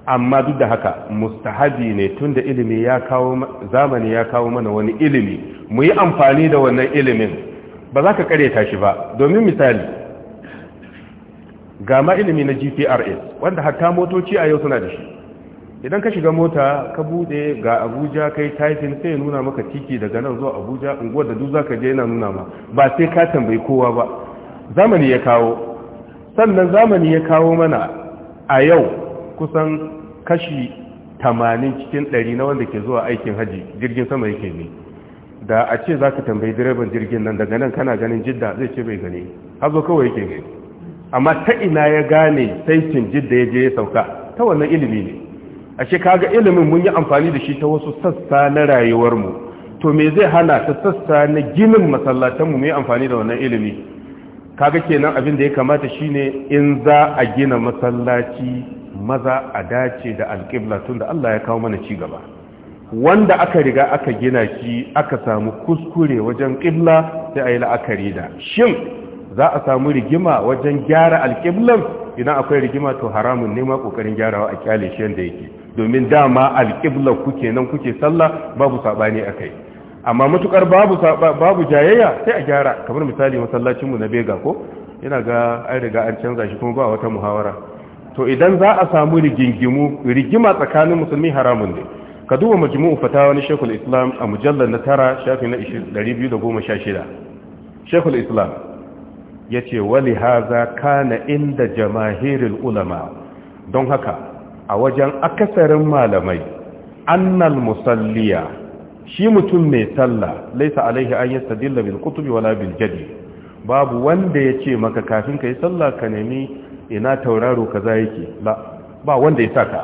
amma duk da haka mustahabi ne tunda ilimi ya kawo zamani ya kawo mana wani ilimi mu yi amfani da wannan ilimin ba za ka kareta shi ba domin misali ga ilimi na GPRS wanda hatta motoci a yau suna da shi idan ka shiga mota ka bude ga Abuja kai taifin sai nuna maka tiki daga nan zuwa Abuja unguwar da duk zaka je yana nuna ma ba sai ka tambayi kowa ba zamani ya kawo sannan zamani ya kawo mana a yau kusan kashi 80 cikin 100 na wanda ke zuwa aikin haji jirgin sama yake ne da a ce za ka tambayi direban jirgin nan daga nan kana ganin jidda zai ce bai gane hazo kawai yake gani amma ta ina ya gane saitin jidda ya je ya sauka ta wannan ilimi ne a ce kaga ilimin mun yi amfani da shi ta wasu sassa na rayuwarmu to me zai hana ta sassa na ginin masallatanmu mu yi amfani da wannan ilimi kaga kenan abin da ya kamata shine in za a gina masallaci maza a dace da alƙibla tun da Allah ya kawo mana ci gaba wanda aka riga aka gina shi aka samu kuskure wajen ƙibla sai a yi la'akari da shin za a samu rigima wajen gyara alƙiblan idan akwai rigima to haramun nema ƙoƙarin gyarawa a kyale shi yadda yake domin dama alƙibla kuke nan kuke sallah babu saɓani a kai amma matukar babu babu jayayya sai a gyara kamar misali masallacinmu na bega ko yana ga an riga an canza shi kuma ba wata muhawara to idan za a samu rigingimu rigima tsakanin musulmi haramun ne ka duba majmu'u fatawa na Sheikhul Islam a mujallar na tara shafi na 2016 Sheikhul Islam yace wali haza kana inda jamahirul ulama don haka a wajen akasarin malamai annal musalliya shi mutum mai sallah laisa alaihi an yastadilla bil kutubi wala bil jadi babu wanda ya ce maka kafin ka yi sallah ka nemi ina tauraro kaza yake ba ba wanda ya saka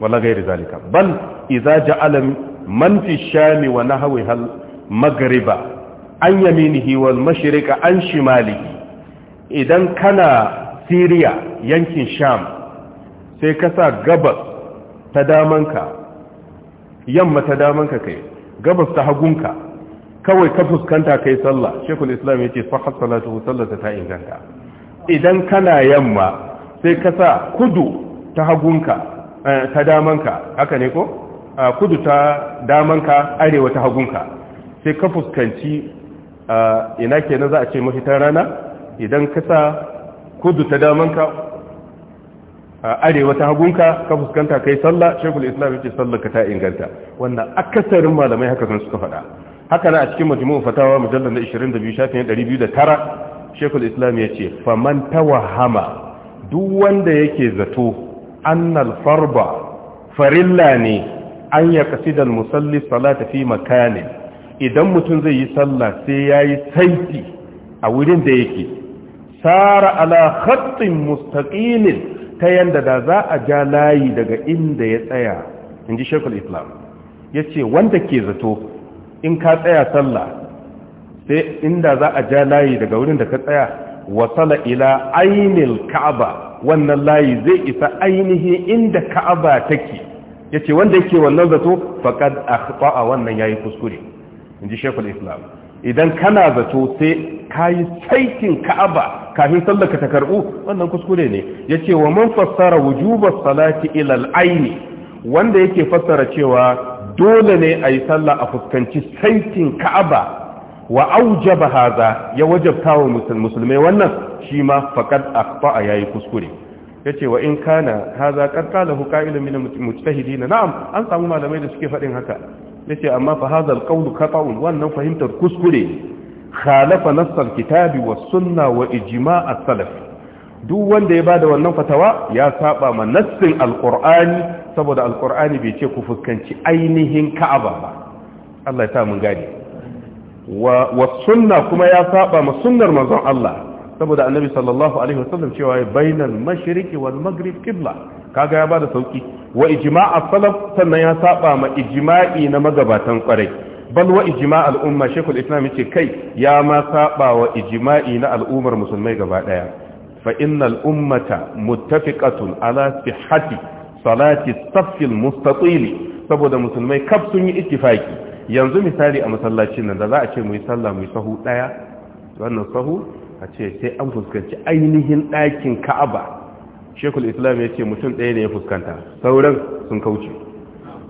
wala gairi zalika bal idza ja'ala man fi shami wa nahwi hal magriba an yaminihi wal mashriqa an shimalihi idan kana siriya yankin Sham sai ka sa gabas ta damanka yamma ta damanka kai gabas ta hagunka kawai ka fuskanta kai sallah shekul islam yace fa hasalatu sallata ta inganta idan kana yamma sai ka sa kudu ta hagunka eh, ta damanka haka ne ko ah, kudu ta damanka arewa ta hagunka sai ka fuskanci ah, ina kenan za a ce mafitan rana idan ka sa kudu ta damanka ah, arewa ta hagunka ka fuskanta kai sallah shekul islam yace sallar ka ta inganta wannan akasarin malamai haka sun suka faɗa haka na a cikin majmu'u fatawa mujallal 22 shafin 209 shekul islam ya ce faman tawahama duk wanda yake zato annal farba farilla ne an ya kasidal musalli salata fi makani idan mutum zai yi sallah sai ya yi saiti a wurin da yake tsara ala khattin mustaqinin ta yanda da za a ja layi daga inda ya tsaya in ji shekul islam ya ce wanda ke zato in ka tsaya sallah sai inda za a ja layi daga wurin da ka tsaya wasala ila ainil ka'aba wannan layi zai isa ainihi inda ka'aba take yace wanda yake wannan zato faqad akhta'a wannan yayi kuskure inji shekul islam idan kana zato sai kayi saitin ka'aba kafin sallaka ta karbu wannan kuskure ne yace wa man fassara wujubas salati ila al-aini wanda yake fassara cewa dole ne a yi sallah a fuskanci saitin ka'aba wa aujaba haza ya wajabta wa musulmai wannan shi ma faqad akhta yayi kuskure yace wa in kana haza qad qalahu qa'ilun min mujtahidin na'am an samu malamai da suke fadin haka yace amma fa hadha alqawlu khata'un wannan fahimtar kuskure khalafa nass alkitabi was sunna wa ijma' as-salaf duk wanda ya bada wannan fatawa ya saba ma nassin alqur'ani saboda alqur'ani bai ce ku fuskanci ainihin ka'aba ba Allah ya sa mun gane wa sunna kuma ya saba ma sunnar manzon Allah saboda annabi sallallahu alaihi wasallam cewa bainal mashriqi wal maghrib qibla kaga ya bada sauki wa ijma'a salaf sannan ya saba ma ijma'i na magabatan kwarai bal wa ijma' al umma shaykhul islam yace kai ya ma saba wa ijma'i na al'ummar musulmai gaba daya fa innal ummata muttafiqatun ala sihhati salati as-saff saboda musulmai kaf sun yi ittifaki yanzu misali a masallacin nan da za a ce mu yi sallah mu yi sahu daya wannan sahu a ce sai an fuskanci ainihin ɗakin ka'aba shekul islam ya ce mutum ɗaya ne ya fuskanta sauran sun kauce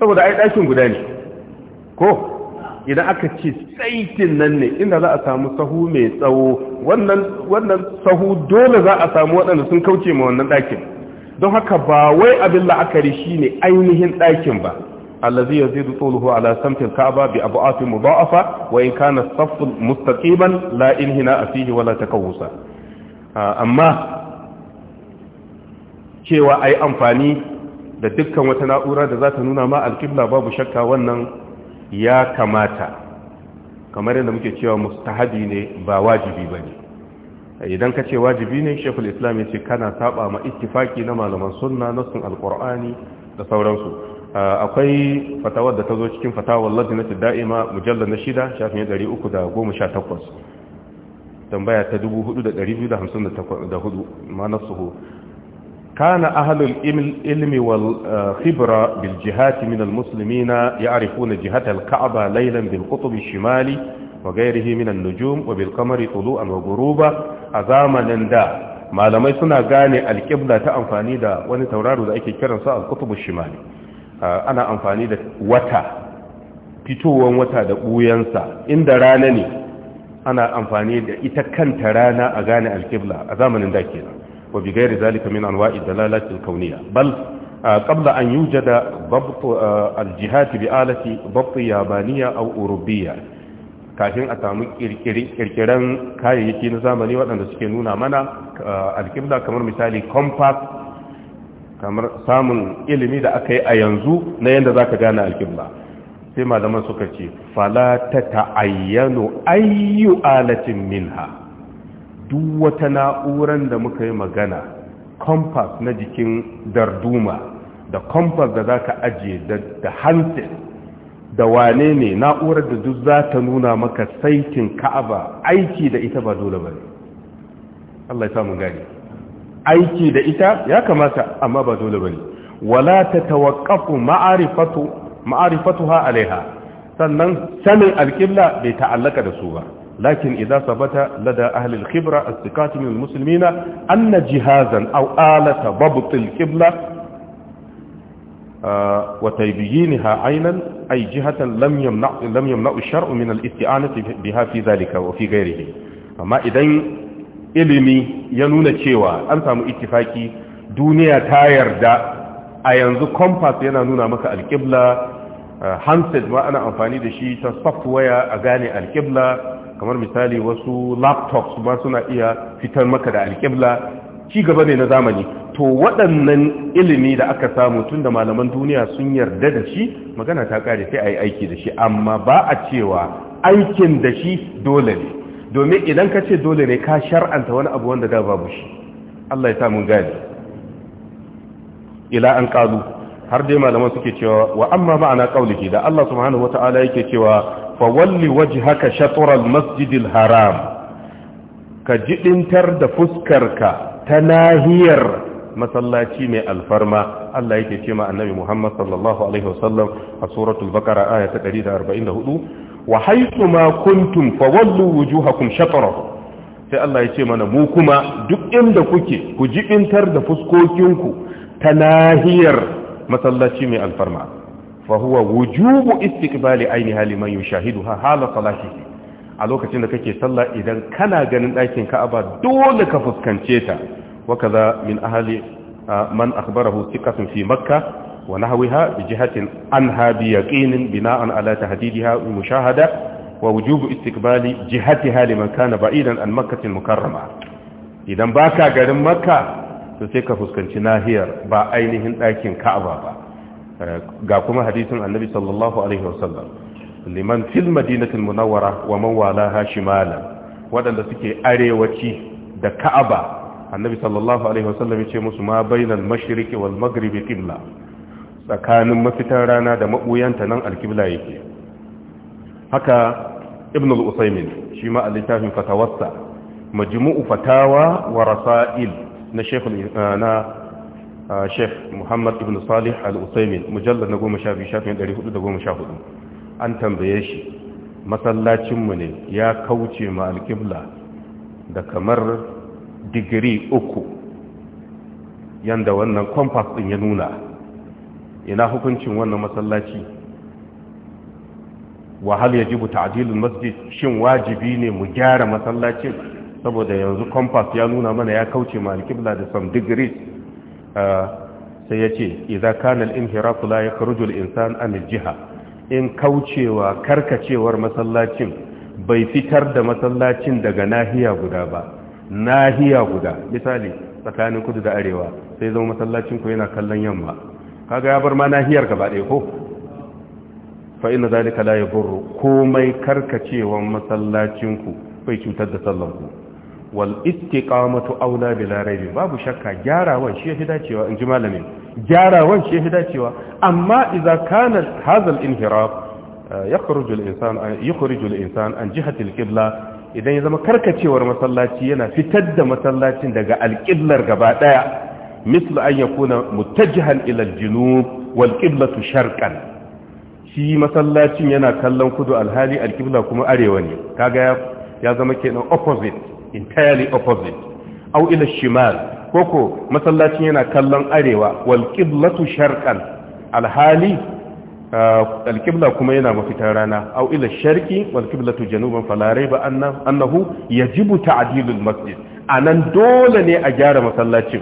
saboda ai ɗakin guda ne ko idan aka ce saitin nan ne inda za a samu sahu mai tsawo wannan sahu dole za a samu waɗanda sun kauce ma wannan ɗakin don haka ba wai abin la'akari shi ne ainihin ɗakin ba allazi yazidu tuluhu ala samtil ka'aba bi abu'afin mudha'afa wa in kana saffun mustaqiman la inhina fihi wala takawusa amma cewa ai amfani da dukkan wata na'urar da za ta nuna ma alƙibla babu shakka wannan ya kamata kamar yadda muke cewa mustahabi ne ba wajibi ba ne idan ka ce wajibi ne shekul islam ya ce kana saɓa ma ittifaki na malaman sunna nassun alkur'ani da sauransu Ah, akwai fatawar da ta zo cikin fatawar lajinatu da'ima mujallar na shida shafin ya 318 tambaya ta 4,254 ma na suhu kana ahalul ilmi wal ah, khibra bil jihati min al muslimina ya'rifuna jihata al ka'aba laylan bil qutb shimali wa ghayrihi min nujum wa bil qamari tulu'an wa A zamanin da malamai suna gane al qibla ta amfani da wani tauraro da ake kiransa al qutb shimali ana amfani da wata fitowar wata da ɓuyansa inda rana ne ana amfani da ita kanta rana a gane alkibla a zamanin da ke wa bi gairi zalika min anwa'i dalalatil kauniya bal qabla an yujada dabt aljihat bi alati Babtu yabaniya aw urubiyya kafin a samu kirkiran kayayyaki na zamani waɗanda suke nuna mana alkibla kamar misali compact kamar samun ilimi da aka yi a yanzu na yadda za ka gane alƙibla sai malaman suka ce fala ta ta'ayyano ayyu alatin minha duk wata na'uran da muka yi magana compass na jikin darduma da compass da za ka ajiye da hansin da wane ne na'urar da duk za ta nuna maka saitin ka'aba aiki da ita ba dole ba ne Allah ya samu gani aiki da ita ya kamata amma ba dole bane wala tatawaqqafu ma'rifatu ma'rifatuha alaiha sannan sanin alqibla bai ta'allaka da su ba lakin idza sabata lada ahli alkhibra astiqati min almuslimina anna jihazan aw alata babt alqibla wa taybiyinha aynan ay jihatan lam yamna lam yamna ash-shar'u min al-isti'anati biha fi dhalika wa fi ghayrihi amma idan ilimi ya nuna cewa an samu ittifaki duniya ta yarda a yanzu compass yana nuna maka alƙibla uh, handset ma ana amfani da shi ta software a gane alƙibla kamar misali wasu laptops ma suna iya fitar maka da alƙibla ci gaba ne na zamani to waɗannan ilimi da aka samu tun da malaman duniya sun yarda da shi magana ta ƙare sai a yi aiki da shi amma ba a cewa aikin da shi dole ne domin idan ka ce dole ne ka shar'anta wani abu wanda da babu shi Allah ya samu gani ila an qalu har dai malaman suke cewa wa amma ma'ana qaulihi da Allah subhanahu wata'ala yake cewa fa walli wajhaka shatr masjidil haram ka jidintar da fuskarka ta nahiyar masallaci mai alfarma Allah yake cewa annabi Muhammad sallallahu alaihi wasallam a suratul baqara aya ta 144 wa haitu ma kuntum fa wallu wujuhakum shatrahu sai Allah ya ce mana mu kuma duk inda kuke ku jibintar da fuskokinku ta nahiyar masallaci mai alfarma fa huwa wujubu istiqbali ainiha liman ha hala salatihi a lokacin da kake sallah idan kana ganin ɗakin Ka'aba dole ka fuskance ta wa kaza min ahli man akhbarahu thiqatun fi makkah wa nahwiha bi jihatin anha bi yaqinin bina'an ala tahdidiha wa mushahada wa wujubu istikbali jihati liman kana ba'idan an makkah mukarrama idan baka garin makka to ka fuskanci nahiyar ba ainihin ɗakin ka'aba ba ga kuma hadisin annabi sallallahu alaihi wasallam liman fil madinatil munawwara wa man walaha shimalan wadanda suke arewaci da ka'aba annabi sallallahu alaihi wasallam ya ce musu ma bainal mashiriki wal maghribi qibla tsakanin mafitan rana da maɓuyanta nan alkibla yake haka ibn al-usaimin shi ma a littafin fatawarsa majmu'u fatawa wa rasa'il na shef muhammad ibn salih al-usaimin mujallar na goma sha biyu ɗari hudu da goma sha hudu an tambaye shi masallacinmu ne ya kauce ma alkibla da kamar digiri uku yadda wannan kwamfas ɗin ya nuna ina hukuncin wannan masallaci wahal ya jibu ta'adilin masjid shin wajibi ne mu gyara masallacin saboda yanzu compass ya nuna mana ya kauce ma da some degrees ah, sai ya ce idan kanal inhirafu la yakhrujul insan an jiha in kaucewa karkacewar masallacin bai fitar da masallacin daga nahiya guda ba nahiya guda misali tsakanin kudu da arewa sai zama masallacin ku yana kallon yamma kaga ya bar ma nahiyar gaba ɗaya ko fa inna zalika la yadurru komai karkacewan masallacinku bai cutar da ku wal istiqamatu aula bil raibi babu shakka gyarawan shi yafi dacewa in ji malamin gyarawan shi yafi dacewa amma idza kana hadha al inhiraf yakhruj eh, al insan yakhruj al insan eh, an jihati al qibla idan ya zama karkacewar masallaci yana fitar da masallacin daga alƙiblar gaba ɗaya mislu an yakuna mutajjihan ila al-junub wal qiblatu shi masallacin yana kallon kudu alhali al-qibla kuma arewa ne ya zama kenan opposite entirely opposite aw ila shimal koko masallacin yana kallon arewa wal qiblatu sharqan alhali ah, alƙibla kuma yana mafitar rana au ila sharki wal qiblatu januban fala rayba annahu yajibu ta'dilul masjid anan dole ne a gyara masallacin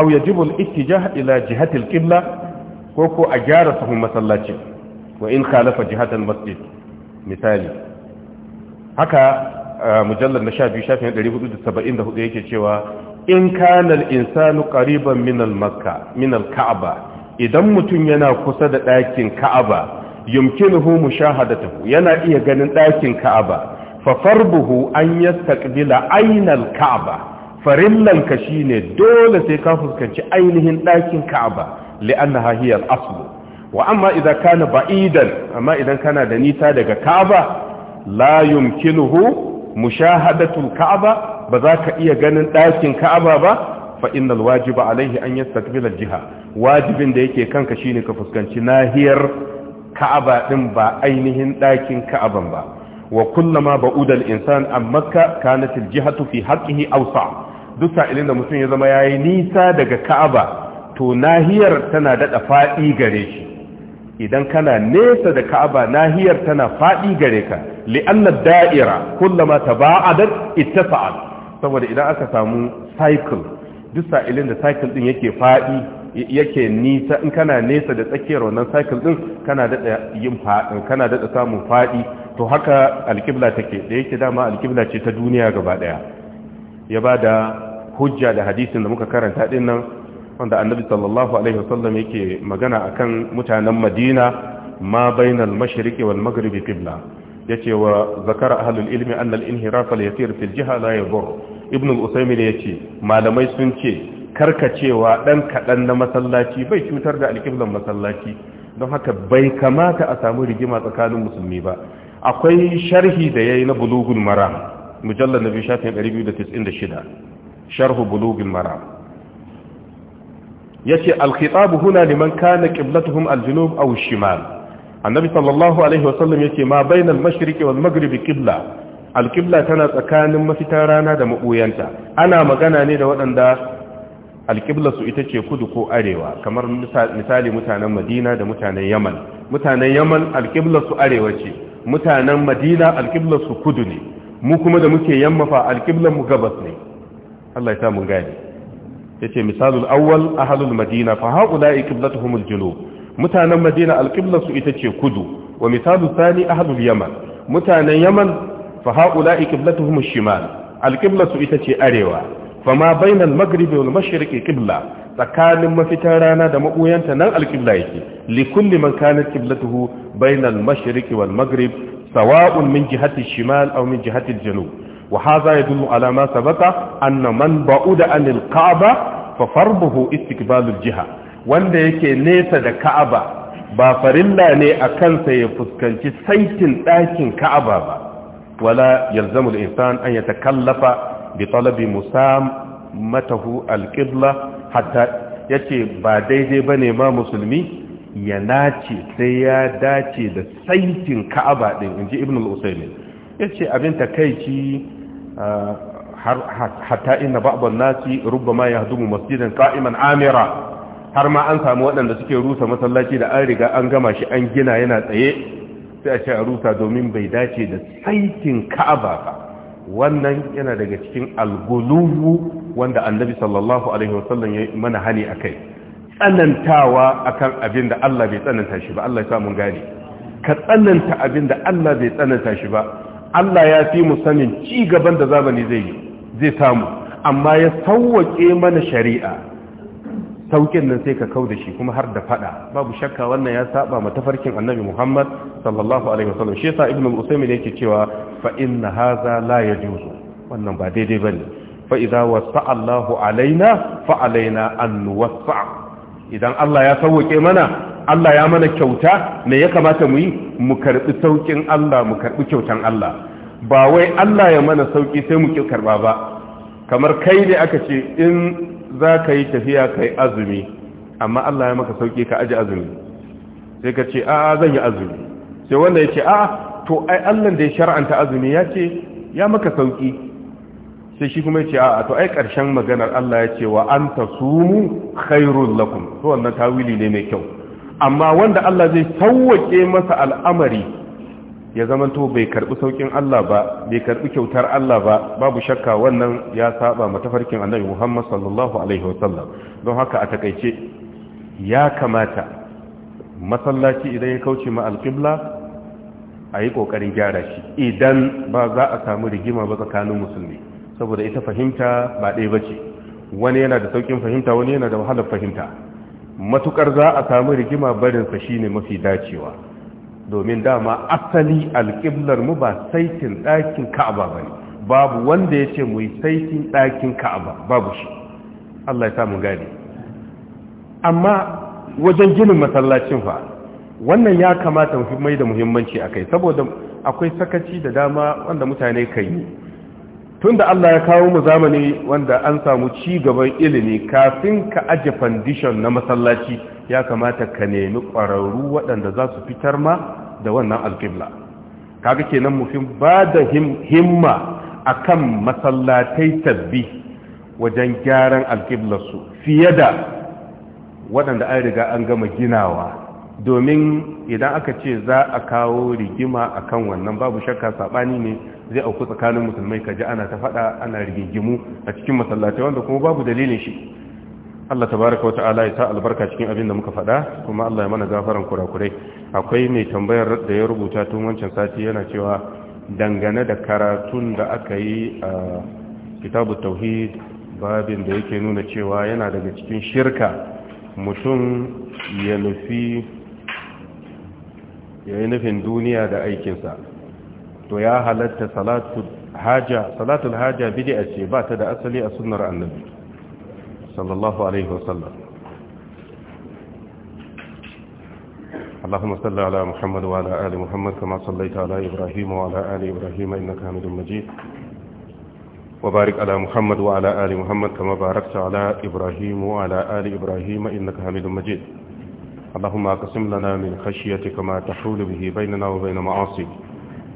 aw yajibu al-ittijah ila jihati al-qibla ko ko a gyara sahun masallaci wa in khalafa jihat masjid misali haka mujallal na 12 shafin 474 yake cewa in kana al-insanu qariban min al-makka min al-ka'ba idan mutum yana kusa da ɗakin ka'aba yumkinuhu mushahadatuhu yana iya ganin ɗakin ka'aba fa farbuhu an yastaqbila aynal ka'aba farillan ka shine dole sai ka fuskanci ainihin ɗakin ka'aba li'annaha hiya al-asl wa amma idan kana ba'idan amma idan kana da nisa daga ka'aba la yumkinuhu mushahadatul ka'aba ba za ka iya ganin ɗakin ka'aba ba fa innal wajiba alaihi an yastaqbila jiha wajibin da yake kanka shine ka fuskanci nahiyar ka'aba din ba ainihin ɗakin ka'aban ba wa kullama ba'udal insan an makka kanat jihatu fi haqqihi awsa' duk sa'ilin da mutum ya zama ya yi nisa daga ka'aba to nahiyar tana dada faɗi gare shi idan kana nesa da ka'aba nahiyar tana faɗi gare ka li'annar da'ira kullama ita ittasa'at saboda idan aka samu cycle duk sa'ilin da cycle ɗin yake faɗi yake nisa in kana nesa da tsakiyar wannan cycle ɗin, kana dada yin faɗin kana dada samun faɗi to haka alkibla take da yake dama alkibla ce ta duniya gaba daya ya bada hujja da hadisin da muka karanta din nan wanda annabi sallallahu alaihi wasallam yake magana akan mutanen madina ma bainal mashriqi wal maghribi qibla yace wa zakara ahlul ilmi anna al inhiraf al yasir fil jiha la yadur ibn al usaymin yace malamai sun ce cewa dan kadan na masallaci bai cutar da alqiblan masallaci don haka bai kamata a samu rigima tsakanin musulmi ba akwai sharhi da yayi na bulugul maram mujallal nabi shafin 296 sharhu bulugin mara ya ce alkhitabu huna liman kana qiblatuhum aljunub aw shimal annabi sallallahu alaihi wasallam yace ma bainal mashriqi wal maghribi qibla alqibla tana tsakanin mafitar rana da mabuyanta ana magana ne da waɗanda alqibla su ita ce kudu ko arewa kamar misali mutanen madina da mutanen yaman mutanen yaman alqibla su arewa ce mutanen madina alqibla su kudu ne mu kuma da muke yammafa alqiblan mu gabas ne Allah ya samu gani yace misalul awwal ahalul madina fa haula'i qiblatuhumul junub mutanen madina alqiblatu ita ce kudu wa misalul thani ahlul yaman mutanen yaman fa haula'i qiblatuhumush shimal alqiblatu ita ce arewa fama bainal maghribi wal mashriqi qibla tsakanin mafita rana da mabuyanta nan alqibla yake li kulli man kanat qiblatuhu bainal mashriqi wal maghrib sawa'un min jihati shimal aw min jihati janub wa hadha yadullu ala ma sabata anna man da anil ka'aba fa farbuhu jiha wanda yake nesa da ka'aba ba farilla ne a kansa ya fuskanci saitin ɗakin ka'aba ba wala yalzamul insan an yatakallafa bi talabi musamatahu al-qibla hatta yace ba daidai ba ne ma musulmi ya nace sai ya dace da saitin ka'aba ɗin inji ibn al Ya yace abin takaici hatta inna ba'dhan nasi rubbama yahdumu masjidan qa'iman amira har ma an samu waɗanda suke rusa masallaci da an riga an gama shi an gina yana tsaye sai a ce a rusa domin bai dace da saitin ka'aba ba wannan yana daga cikin algulubu wanda annabi sallallahu alaihi wasallam ya mana hani a kai tsanantawa akan abin da Allah bai tsananta shi ba Allah ya sa mun gane ka tsananta abin da Allah bai tsananta shi ba Allah ya fi mu sanin ci gaban da zamani zai yi zai samu amma ya sauwake mana shari'a saukin nan sai ka kau da shi kuma har da fada babu shakka wannan ya saba ma tafarkin annabi Muhammad sallallahu alaihi wasallam shi yasa ibnu usaymin yake cewa fa inna hadha la yajuzu wannan ba daidai bane fa idza wasa alaina fa alaina an idan Allah ya sauke mana Allah ya mana kyauta me ya kamata mu yi mu karbi saukin Allah mu karbi kyautan Allah ba wai Allah ya mana sauki sai mu karba ba kamar kai ne aka ce in za ka yi tafiya kai azumi amma Allah ya maka sauki ka aji azumi sai ka ce a'a zan yi azumi sai wanda ya ce a'a to ai Allah da ya shar'anta azumi ya ce ya maka sauki sai shi kuma ce a to ai karshen maganar Allah ya ce wa anta sumu khairul lakum to wannan tawili ne mai kyau amma wanda Allah zai sauwake masa al'amari ya zamanto bai karbi saukin Allah ba bai karbi kyautar Allah ba babu shakka wannan ya saba matafarkin annabi Muhammad sallallahu alaihi wasallam don haka a takeice ya kamata masallaci idan ya kauce ma alqibla ayi kokarin gyara shi idan ba za a samu rigima ba tsakanin musulmi saboda ita fahimta ba ɗaya ba ce wani yana da saukin fahimta wani yana da wahalar fahimta matukar za a samu rigima barinsa shi ne mafi dacewa domin dama asali alƙiblar mu ba saitin ɗakin ka'aba ba ne babu wanda ya ce mu yi saitin ɗakin ka'aba babu shi Allah ya samu gane amma wajen ginin masallacin fa wannan ya kamata mu fi mai da muhimmanci a kai saboda akwai sakaci da dama wanda mutane kan yi tunda Allah ya kawo mu zamani wanda an samu ci gaban ilimi kafin ka aje foundation na masallaci ya kamata ka nemi ƙwararru waɗanda za su fitar ma da wannan alƙibla kaga kenan mufin ba da himma akan masallatai tabbi wajen gyaran su fiye da waɗanda an riga an gama ginawa domin idan aka ce za a kawo rigima akan wannan babu shakka saɓani ne zai auku tsakanin musulmai ji ana ta faɗa ana rigingimu a cikin masallatai wanda kuma babu dalilin shi Allah tabaraka wata'ala ya ta albarka cikin abin da muka faɗa kuma Allah ya mana gafaran kurakurai akwai mai tambayar da ya rubuta tun wancan sati yana cewa dangane da karatun da aka yi a kitabu tauhid babin da yake nuna cewa yana daga cikin shirka mutum ya nufi ya yi nufin duniya da aikinsa to ya halatta salatul haja salatul haja bid'a ce ba ta da asali a sunnar annabi sallallahu alaihi wasallam اللهم صل على محمد وعلى آل محمد كما صليت على إبراهيم وعلى آل إبراهيم إنك حميد مجيد وبارك على محمد وعلى آل محمد كما باركت على إبراهيم وعلى آل إبراهيم إنك حميد مجيد اللهم أقسم لنا من خشيتك ما تحول به بيننا وبين معاصيك